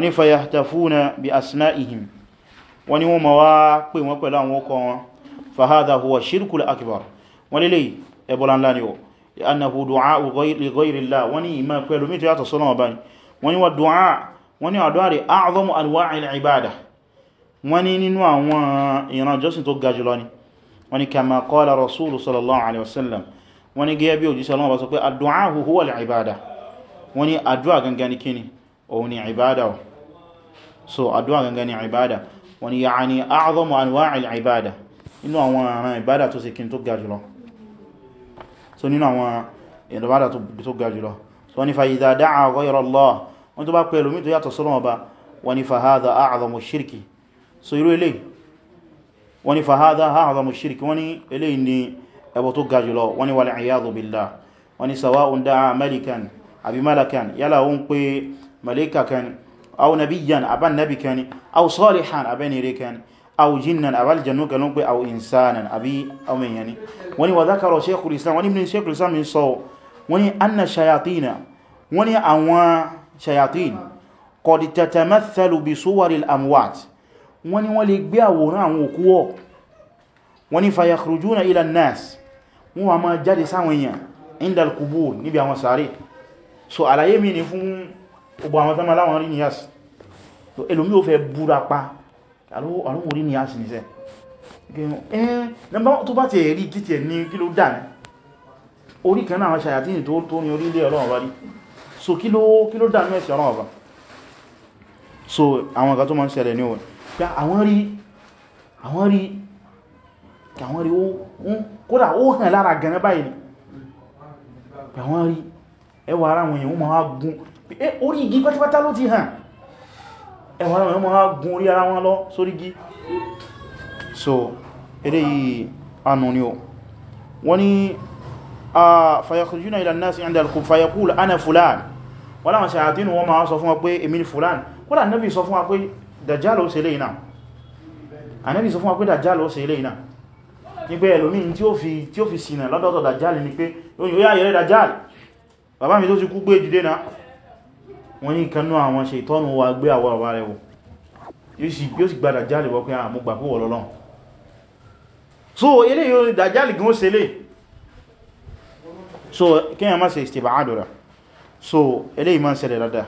ni fayahtafuna bí asma'ihim wọ́n ni wọ́n ma wá pè wọ́n pẹ̀lú àwọn ọkọ̀ wọn fahadha huwa shirkul akbar wọ́n lè ẹbọ́lá ńlá ni ọ annahu du'a li ghayrillah wọ́n ni pẹ̀lú mítí yàtọ̀ sọ́nà ọba wọ́n ni wọ́n du'a wọ́n ní àdúwà rẹ̀ a'zamu anwa'il ibada wọ́n ní nínú àwọn ìran jọ́sìn tó gajù lọ ni wọ́n ní kama qala rasulu sallallahu alaihi wasallam wọ́n ní gẹ́gẹ́ bí òjísẹ́ lọ́wọ́ sọ pé àdúwà huwa al-ibada wọ́n ní àdúwà gangan ni kíni òun ni ibada so àdúwà gangan ni ibada wọ́n ní ya'ani a'zamu anwa'il ibada inú àwọn ìran wọ́n tó bá pẹ̀lú mí tó yàtọ̀ sọ́lọ́wọ́ bá wọ́n ni fahadha a'zamu shirki so irú eléyìí wọ́n ni fahadha a'zamu shirki wọ́n ni eléyìí ni ẹbọ tó ga jùlọ wọ́n ni wal a'yadhu billah wọ́n ni sawa'un da'a malikan àbí malakan yálà ó ń pè malika kan aw nabiyyan aban nabi kan aw salihan aban ire kan aw jinnan abal jannu kan pe aw insanan àbí aw men yani wani wa dhakara wani anna shayatina wani àwọn shayatin qad tatamathalu bi suwaril amwat wọ́n ní wọ́n lè gbé àwòrán àwọn òkú wọ̀ wọ́n ní fayakhrujuna ila nas wọ́n wà máa jáde sáwọn èèyàn indal kubur níbi àwọn sáré so àlàyé mi ni fún gbogbo àwọn tánmà láwọn rí níyàs so ẹlòmí ò fẹ́ búra pa àlúwò rí níyàs nìsẹ́ ní kí orí kan náà àwọn ṣàyàtí tó ní orílẹ̀ ọlọ́run wárí so kí ló kí ló dànú ẹ̀sì ọ̀rọ̀ ọba so àwọn ǹkan tó ma ń ṣẹlẹ̀ ní òun pé àwọn rí àwọn rí àwọn rí kódà ó hàn lára gẹ̀rẹ́ báyìí pé àwọn rí ẹwà ara wọn èèyàn ma gún orí igi pátápátá ló ti hàn ẹwà ara wọn ma gún orí ara wọn lọ sórí igi so eléyìí anu ni ó wọ́n ni Ah, fayakhrujuna ila an-nasi 'inda al-qub fayaqul ana fulan wọ́n láwọn ṣàyàtínú wọn máa sọ fún wa pé emil fulan kódà nábi sọ fún wa pé dajjalo ṣe lè iná anábi sọ fún wa pé dajjalo ṣe lè iná ní pé ẹlòmí tí ó fi sinà lọ́dọ̀tọ̀ dajjali ni pé oyin oyá yẹrẹ dajjali bàbá mi tó ti kú gbé jùdé na wọ́n ní kanú àwọn ṣe ìtọ́nù wa gbé àwọ̀ àwọ̀ rẹ̀ wò yóò sì gba dajjali ah, wọ́n pé àmúgbà púpọ̀ lọ́lọ́ so eléyìí dajjali gan ó ṣe so kíyàn má ṣe ìstìbàádù rẹ̀ so eléyìí má ń ṣẹlẹ̀ dáadáa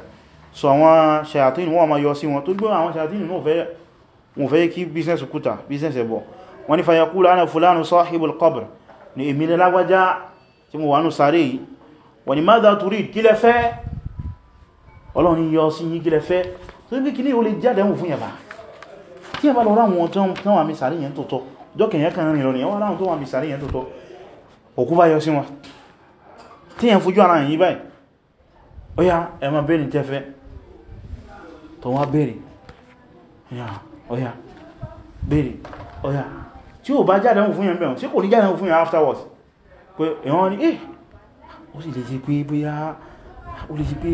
so àwọn ṣàyàtín wọ́n ma yọ sí wọn tó gbọ́ àwọn ṣàyàtín wọ́n fẹ́ kí business kúta business ẹ̀bọ̀ wọ́n ni fayakula ana fulanu sahibul qabr ni èmi ni lágbàjá tí mo wà nù sáré yìí wọ́n ni madha turid kílẹ̀ fẹ́ ọlọ́run yọ sí yí kílẹ̀ fẹ́ tó bí kílẹ̀ o lè jáde mú fún yàbá tí yàbá lọ́rọ̀ àwọn tó wà bá yọ sí wọn kíyàn fojú ara yìí báyìí ó yá ẹ tẹ́fẹ́ tó wá bèèrè ó yá bèèrè tí ó bá jáde fún yẹn mẹ́rún sí kò ní jáde fún yẹn afterwards pé ẹ̀wọ́n ni eh ó sì lè ti pé bóyá ó lè ti pé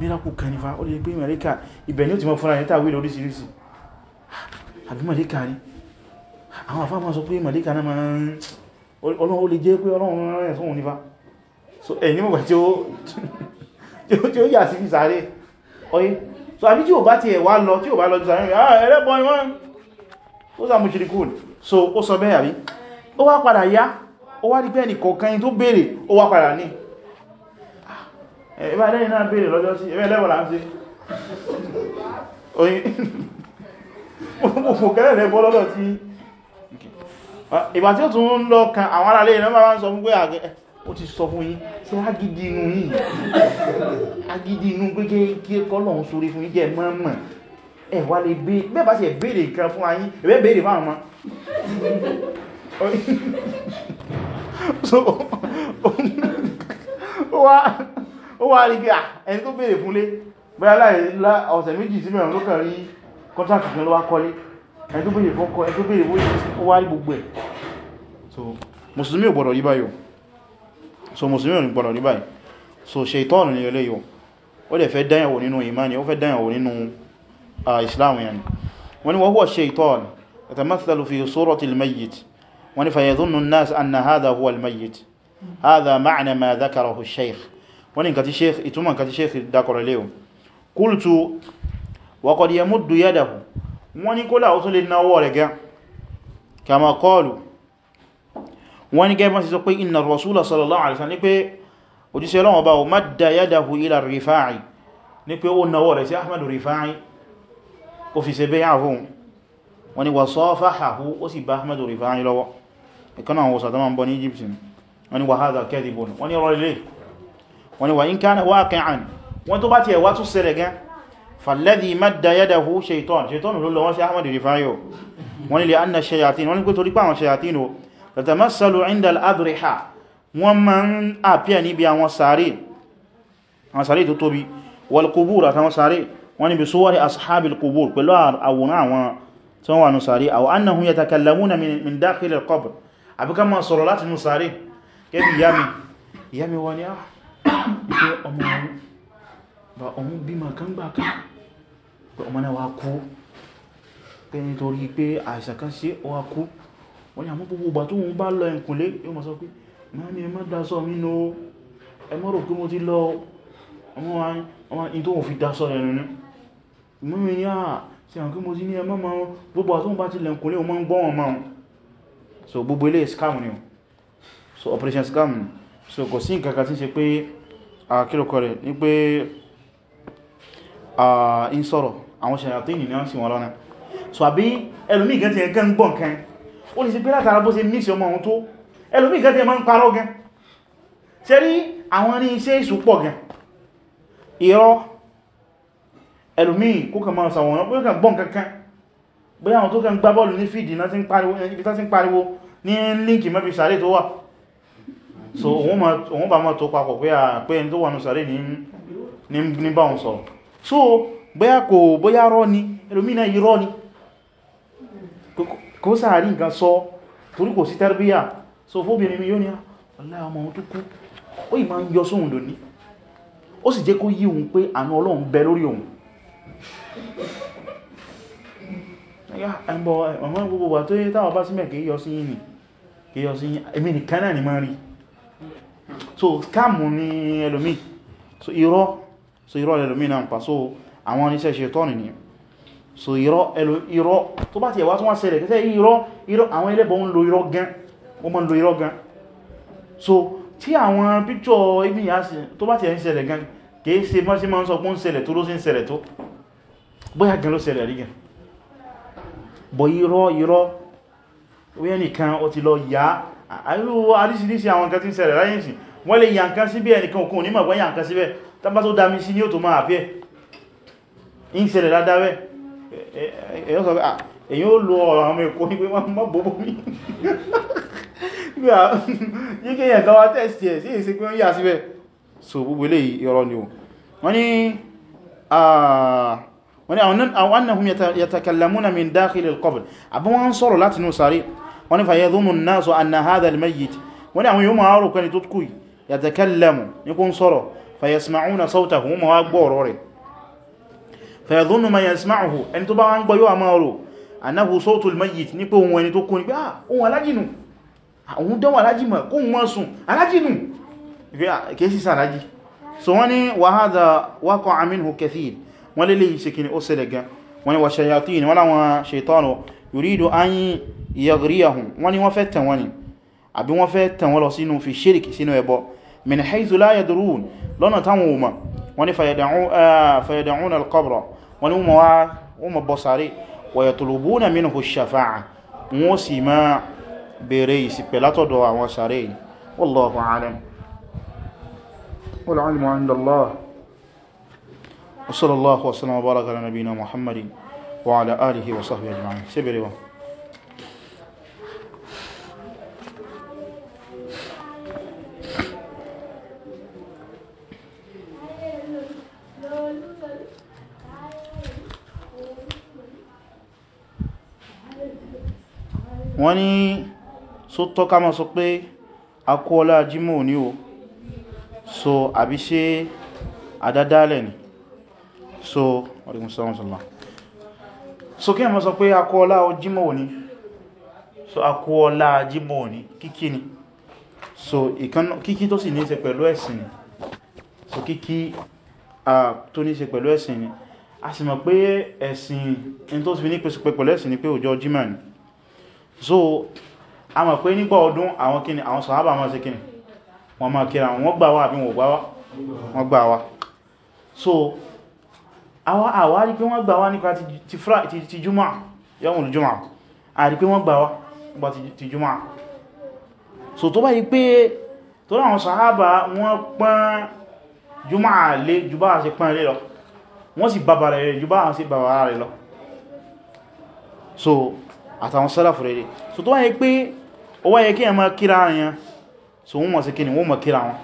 miracle kanifa ó lè pé mẹ́ríkà ibẹ̀ ni ó ti mọ́ fúnra yẹta wílò orísìírísìí àbí mẹ́ríkà ni àwọn afá máa sọ pé mẹ́ríkà náà máa ń ọlọ́run ó lè jẹ́ pé ọlọ́run rẹ̀ sóhun nífà so ẹ̀ nímọ̀gbà tí ó yà sí ìsáré ọyí so àbí tí ò bá ti ẹ̀ wá lọ tí ò bá lọ jùsàrí rẹ̀ ah ẹlẹ́bọn ìwọ́n ó sàmù ṣirikún so ó sọ bẹ́ẹ̀ àbí ó wá padà yá ó wá rí bẹ́ẹ̀ni kọ̀ọ̀kan tó béèrè ó wá padà ní ah, ẹ̀bá ẹlẹ́yìn náà béèrè lọ́jọ́ sí ẹ̀bá ẹlẹ́wọ̀n láti oyin òfò kẹ́lẹ̀ lẹ́gbọ́ lọ́dọ̀ tí ah, ìgbà tí ó tún ń lọ kan àwọn aráalé ìrẹ́mà wá ń sọ fún pé ó ti sọ fún yín ṣe agidi inú yìí agidi inú gbégé kí ẹkọ́ lọ́hun sórí fún yín jẹ́ mọ́mọ̀ ẹ wà lè gbé bẹ́bà sí ẹ̀bẹ̀rẹ̀ kan fún ayín ẹ̀bẹ̀ bẹ̀rẹ̀ fáwọn ọmọ so ó wá rí bí à ẹni tó bèèrè fúnlé bẹ́ẹ̀ láìlá ọ̀sẹ̀ méjì sí mẹ́rin ló kàn rí kọ́ntàkì kan ló wá kọ́lé ẹni tó bèèrè fún kọ́ ẹni tó bèèrè fún wá rí gbogbo ẹ̀ so mùsùlùmí ò gbọ́dọ̀ yí báyìí so musulmi ò ní gbọ́dọ̀ rí báyìí so ṣeitọ́nù ni eléyìí ó dẹ̀ fẹ́ dáyàwó nínú imani ó fẹ́ dáyàwó nínú islam yani wani wa huwa ṣeitọ́nù yatamathalu fi surati almayyit wani fa yadhunnu an-nas anna hadha huwa almayyit hadha ma'na ma dhakarahu ash-shaykh wani nǹkan tí sheikh ìtumọ̀ nǹkan tí sheikh dákọ̀rọ̀ léwu qultu wa wọ́n ní gẹ́gbọ́n sí sọ pé inna rasúlá sallallahu alaihi wasallam ní pé òjíṣẹ́ Ọlọ́run bá o madda yadahu ila rifa'i ní pé ó nawọ́ rẹ̀ sí ahmadu rifa'i ó fi ṣe bẹ́yà fún wọ́n ní wa safahahu ó sì bá ahmadu rifa'i lọ́wọ́ ìkanáà wọ́n sàtàmà ń bọ́ ní Egypt wọ́n ní wa hadha kadhibun wọ́n ní rọlẹ̀ wọ́n ní wa in kana waqi'an wọ́n tó ló lọ wọ́n sí ahmadu rifa'i wọ́n ní li anna shayatin wọ́n ní pé torí àwọn shayatin tatamassalu inda al-adriha wọ́n ma ń àpíà níbi àwọn sàárè àwọn sàárè tó tóbi wal qubur àtàwọn sàárè wọ́n ni bí suwari ashabil qubur pẹ̀lú àwòrán àwọn tí wọ́n wà ní sàárè aw annahum yatakallamuna min dakhil al-qabr àbí ká máa sọ̀rọ̀ láti ní sàárè kẹ́bí yami yami wọ́n ni ah ọmọ ọmọ bá ọmọ bí ma kan gbà kan pé ọmọ náà wá kú pé nítorí pé àìsàn sí ó wá wọ́n ni àmọ́ gbogbo ìgbà tó wọ́n bá lọ ẹ̀kùnlé yóò mọ̀ sọ pé mami ẹmọ́ dasọ mi no ẹmọ́ rò pé mo ti lọ ọmọ in tó wọ́n fi dasọ ẹ̀rùn ní mami ní àà tí àwọn kí mo ti ní ẹmọ́ ma wọn gbogbo àtún bá ti lẹ ẹ̀kùnlé o scam ni o so operation scam ni so kò sí nǹkan kan tí ṣe pé àkílùkọ rẹ̀ ní pé in sọ̀rọ̀ àwọn ṣàyàtí ìnìyàn sí wọn lọ́nà so àbí ẹlòmí ìgẹ́ ti ẹ̀kẹ́ ń gbọ̀n kan ó lè ṣe pé látara bó ṣe mix ọmọ ohun tó ẹlòmí nǹkan tẹ́ ma ń parọ́ gan ṣe rí àwọn ní iṣẹ́ ìṣù pọ̀ gan irọ́ ẹlòmí kó kàn máa sàwọ̀n pé ó kàn gbọ́n kankan bí àwọn tó kàn gbá bọ́ọ̀lù ní fìdí náà ti ń pariwo ní líǹkì mẹ́bí sàárè tó wà so òun bá mọ́ tó papọ̀ pé pé ẹni tó wà ní sàárè ní bá wọn sọ̀rọ̀ so bóyá kò bóyá rọ́ ni ẹlòmí náà irọ́ ni kó sáàrí nǹkan sọ torí kò sí tẹ́rbíyà so fóbìnrin mi yóò ní ọláyà ọmọ ohun tó kú ó ì máa ń yọ sóhun lóní ó sì jẹ́ kó yí òun pé àánú ọlọ́run bẹ lórí òun ẹ̀mbọ̀ ọ̀hán gbogbo wà tó yẹ táwọn bá símẹ̀ kìí yọ sí yìí kìí yọ sí yìí èmi nìkan náà ni máa rí so káàmù ni ẹlòmí so irọ́ elu irọ́ tó bá ti ẹ̀wà tó wá ṣẹlẹ̀ kẹsẹ̀ irọ́ irọ́ àwọn ẹlẹ́bọ̀ ń lo irọ́ gan wọ́n mọ́ ń lo irọ́ gan so tí àwọn píkṣọ́ ibi yásí tó bá ti ẹ̀ ń ṣẹlẹ̀ gan kìí ṣe mọ́ sí mọ́ ń sọ pún ṣẹlẹ̀ tó ló sí ń ṣẹlẹ̀ tó bóyá gan ló ṣẹlẹ̀ rí gan bọ̀ irọ́ irọ́ wíyẹ́ nìkan ó ti lọ yá àríwó aríṣiríṣi àwọn nǹkan tí ń ṣẹlẹ̀ láyé sí wọ́n lè yà nǹkan síbẹ̀ ẹnìkan òkun onímọ̀ gbọ́n yà nǹkan síbẹ̀ tábá tó dámi sí ní ò tó máa fẹ́ ń ṣẹlẹ̀ èyàn sọ pé à ah, èyàn ó lo ọ̀rọ̀ àwọn èkó ní pé wọ́n mọ́ bóbó mi yí kí èyàn gawa tẹ́sì ẹ̀ sí èsì pé wọ́n yà síbẹ̀ so gbogbo ilé ìrọ̀ ni o wọ́n ni ah, àwọn annahum yatakallamuna min dakhil al-qabr àbí wọ́n sọ̀rọ̀ láti inú sàárè wọ́n ni fayadhumu an-nasu fẹ̀yàdúnnù ma yẹn smáàhù ẹni tó bá wá ń gbọ́ yóò máa rò annahu sawtul mayyit ní pé ohun ẹni tó kú ní pé ah ohun alájìnù àwọn ah, dánwò alájìmọ̀ kó wọ́n sùn alájìnù ah, kèsì sàrájì so wọ́n ni wa hadha waqa'a minhu kathir wọ́n ni wa al-qabra wọ́n ní wọ́n mọ̀ bọ́ sáré wa yatlubuna minhu ash-shafa'a wọ́n sì máa bèèrè ìsìpẹ̀ látọ̀dọ̀ àwọn sáré wallahu a'lam wal 'ilmu 'inda Allah wa sallallahu wọ́n ní só tọ́ká ma sọ pé a kú ọlá jímọ̀ ní o so àbí ṣe àdádálẹ̀ ni so ọdún so kí ẹ ma sọ pé a kú ọlá jímọ̀ ní so a kú ọlá jímọ̀ ní kíkí ni so kíkí tó sì ní ṣe pẹ̀lú ẹ̀sìn ni so kíkí tó ní ṣe pẹ̀lú ẹ̀sìn ni a sì mọ̀ pé ẹ̀sìn in tó sì fi ní pẹ̀lú ẹ̀sìn ni pé ọjọ́ jímọ̀ ni so a mọ̀ pé nígbà ọdún àwọn kíni àwọn sàhábà máa ṣe kíni wọ́n máa kíra wọ́n gbà wá àbí wọ́n gbà wá wọ́n so àwọn àwárí pé wọ́n gbà wá nípa ti jùmọ́ yọ́mùn a àrí pé wọ́n gbà wá nípa ti jùmọ́ so tó bá yí pé tó ráwọn sàhábà wọ́n pọ́n jùmọ́ lé jùbá ṣe pọ́n lé lọ wọ́n sì bàbà rẹ̀ jùbá ṣe bàbà rẹ̀ lọ so àtàwọn sálàfù rere so tó wáyé pé ó wáyé kí ẹmọ kíra àyàn so wọ́n mọ̀ sí kí ni wọ́n mọ̀ kíra wọn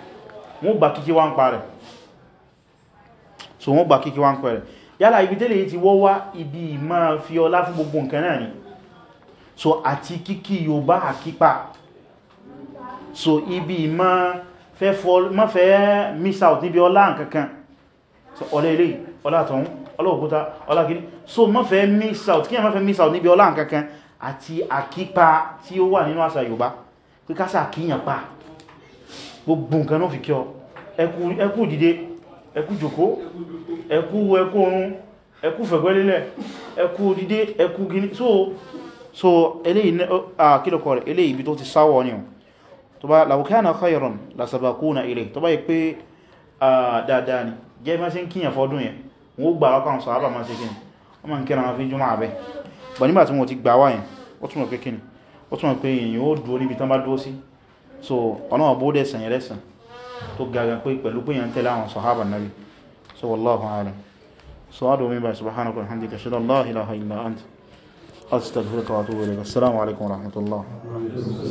wọ́n gbà kíkí wá ń pa rẹ̀ so wọ́n gbà kíkí wá ń pa rẹ̀ yálà ibi tẹ́lẹ̀ ti wọ́ wá ibi ìmọ̀ fi ọlá fún gbogbo nǹkan náà ni so àti kíkí Yorùbá àkípa so ibi ìmọ̀ fẹ́ mọ́ fẹ́ miss out níbi ọlá nǹkankan so ọlẹ́ ilé ọlá tọ̀hún ọlọ́òkúta ọlá kìí so mọ́ fẹ́ miss out kí ẹ mọ́ fẹ́ miss out níbi ọlá nǹkankan àti àkípa tí ó wà nínú àṣà Yorùbá pé kásà kíyàn pa gbogbo nǹkan náà fi kí ọ ẹkú dìde ẹkú jòkó ẹkú ẹkú oorun ẹkú fẹ̀gbẹ́lélẹ̀ ẹkú dìde ẹkú gini so so eléyìí kílọ̀kọ̀ rẹ̀ eléyìí ibi tó ti sáwọ̀ ni tó bá law kana khayran lasabaquna ilayhi tó bá yí pé dáadáa ni jẹ́ mẹ́sí kíyàn fọ́dún yẹn wọ́n gbà wákàn sọ but nígbàtí wọ́n ti gbà wáyìn ó túnmọ̀ pé kíni ó túnmọ̀ pé èyàn ó dúró níbi tán bá dúró sí so ọ̀nà ọ̀bọ̀ dẹ̀sàn yẹ lẹ́sàn tó gaga pé pẹ̀lú pé yàn tẹ́lá àwọn sahaba nabi so wallahu alam so adu mi ba subhanaka alhamdulillah shada allah ilaha illa ant astaghfiruka wa atubu ilayk assalamu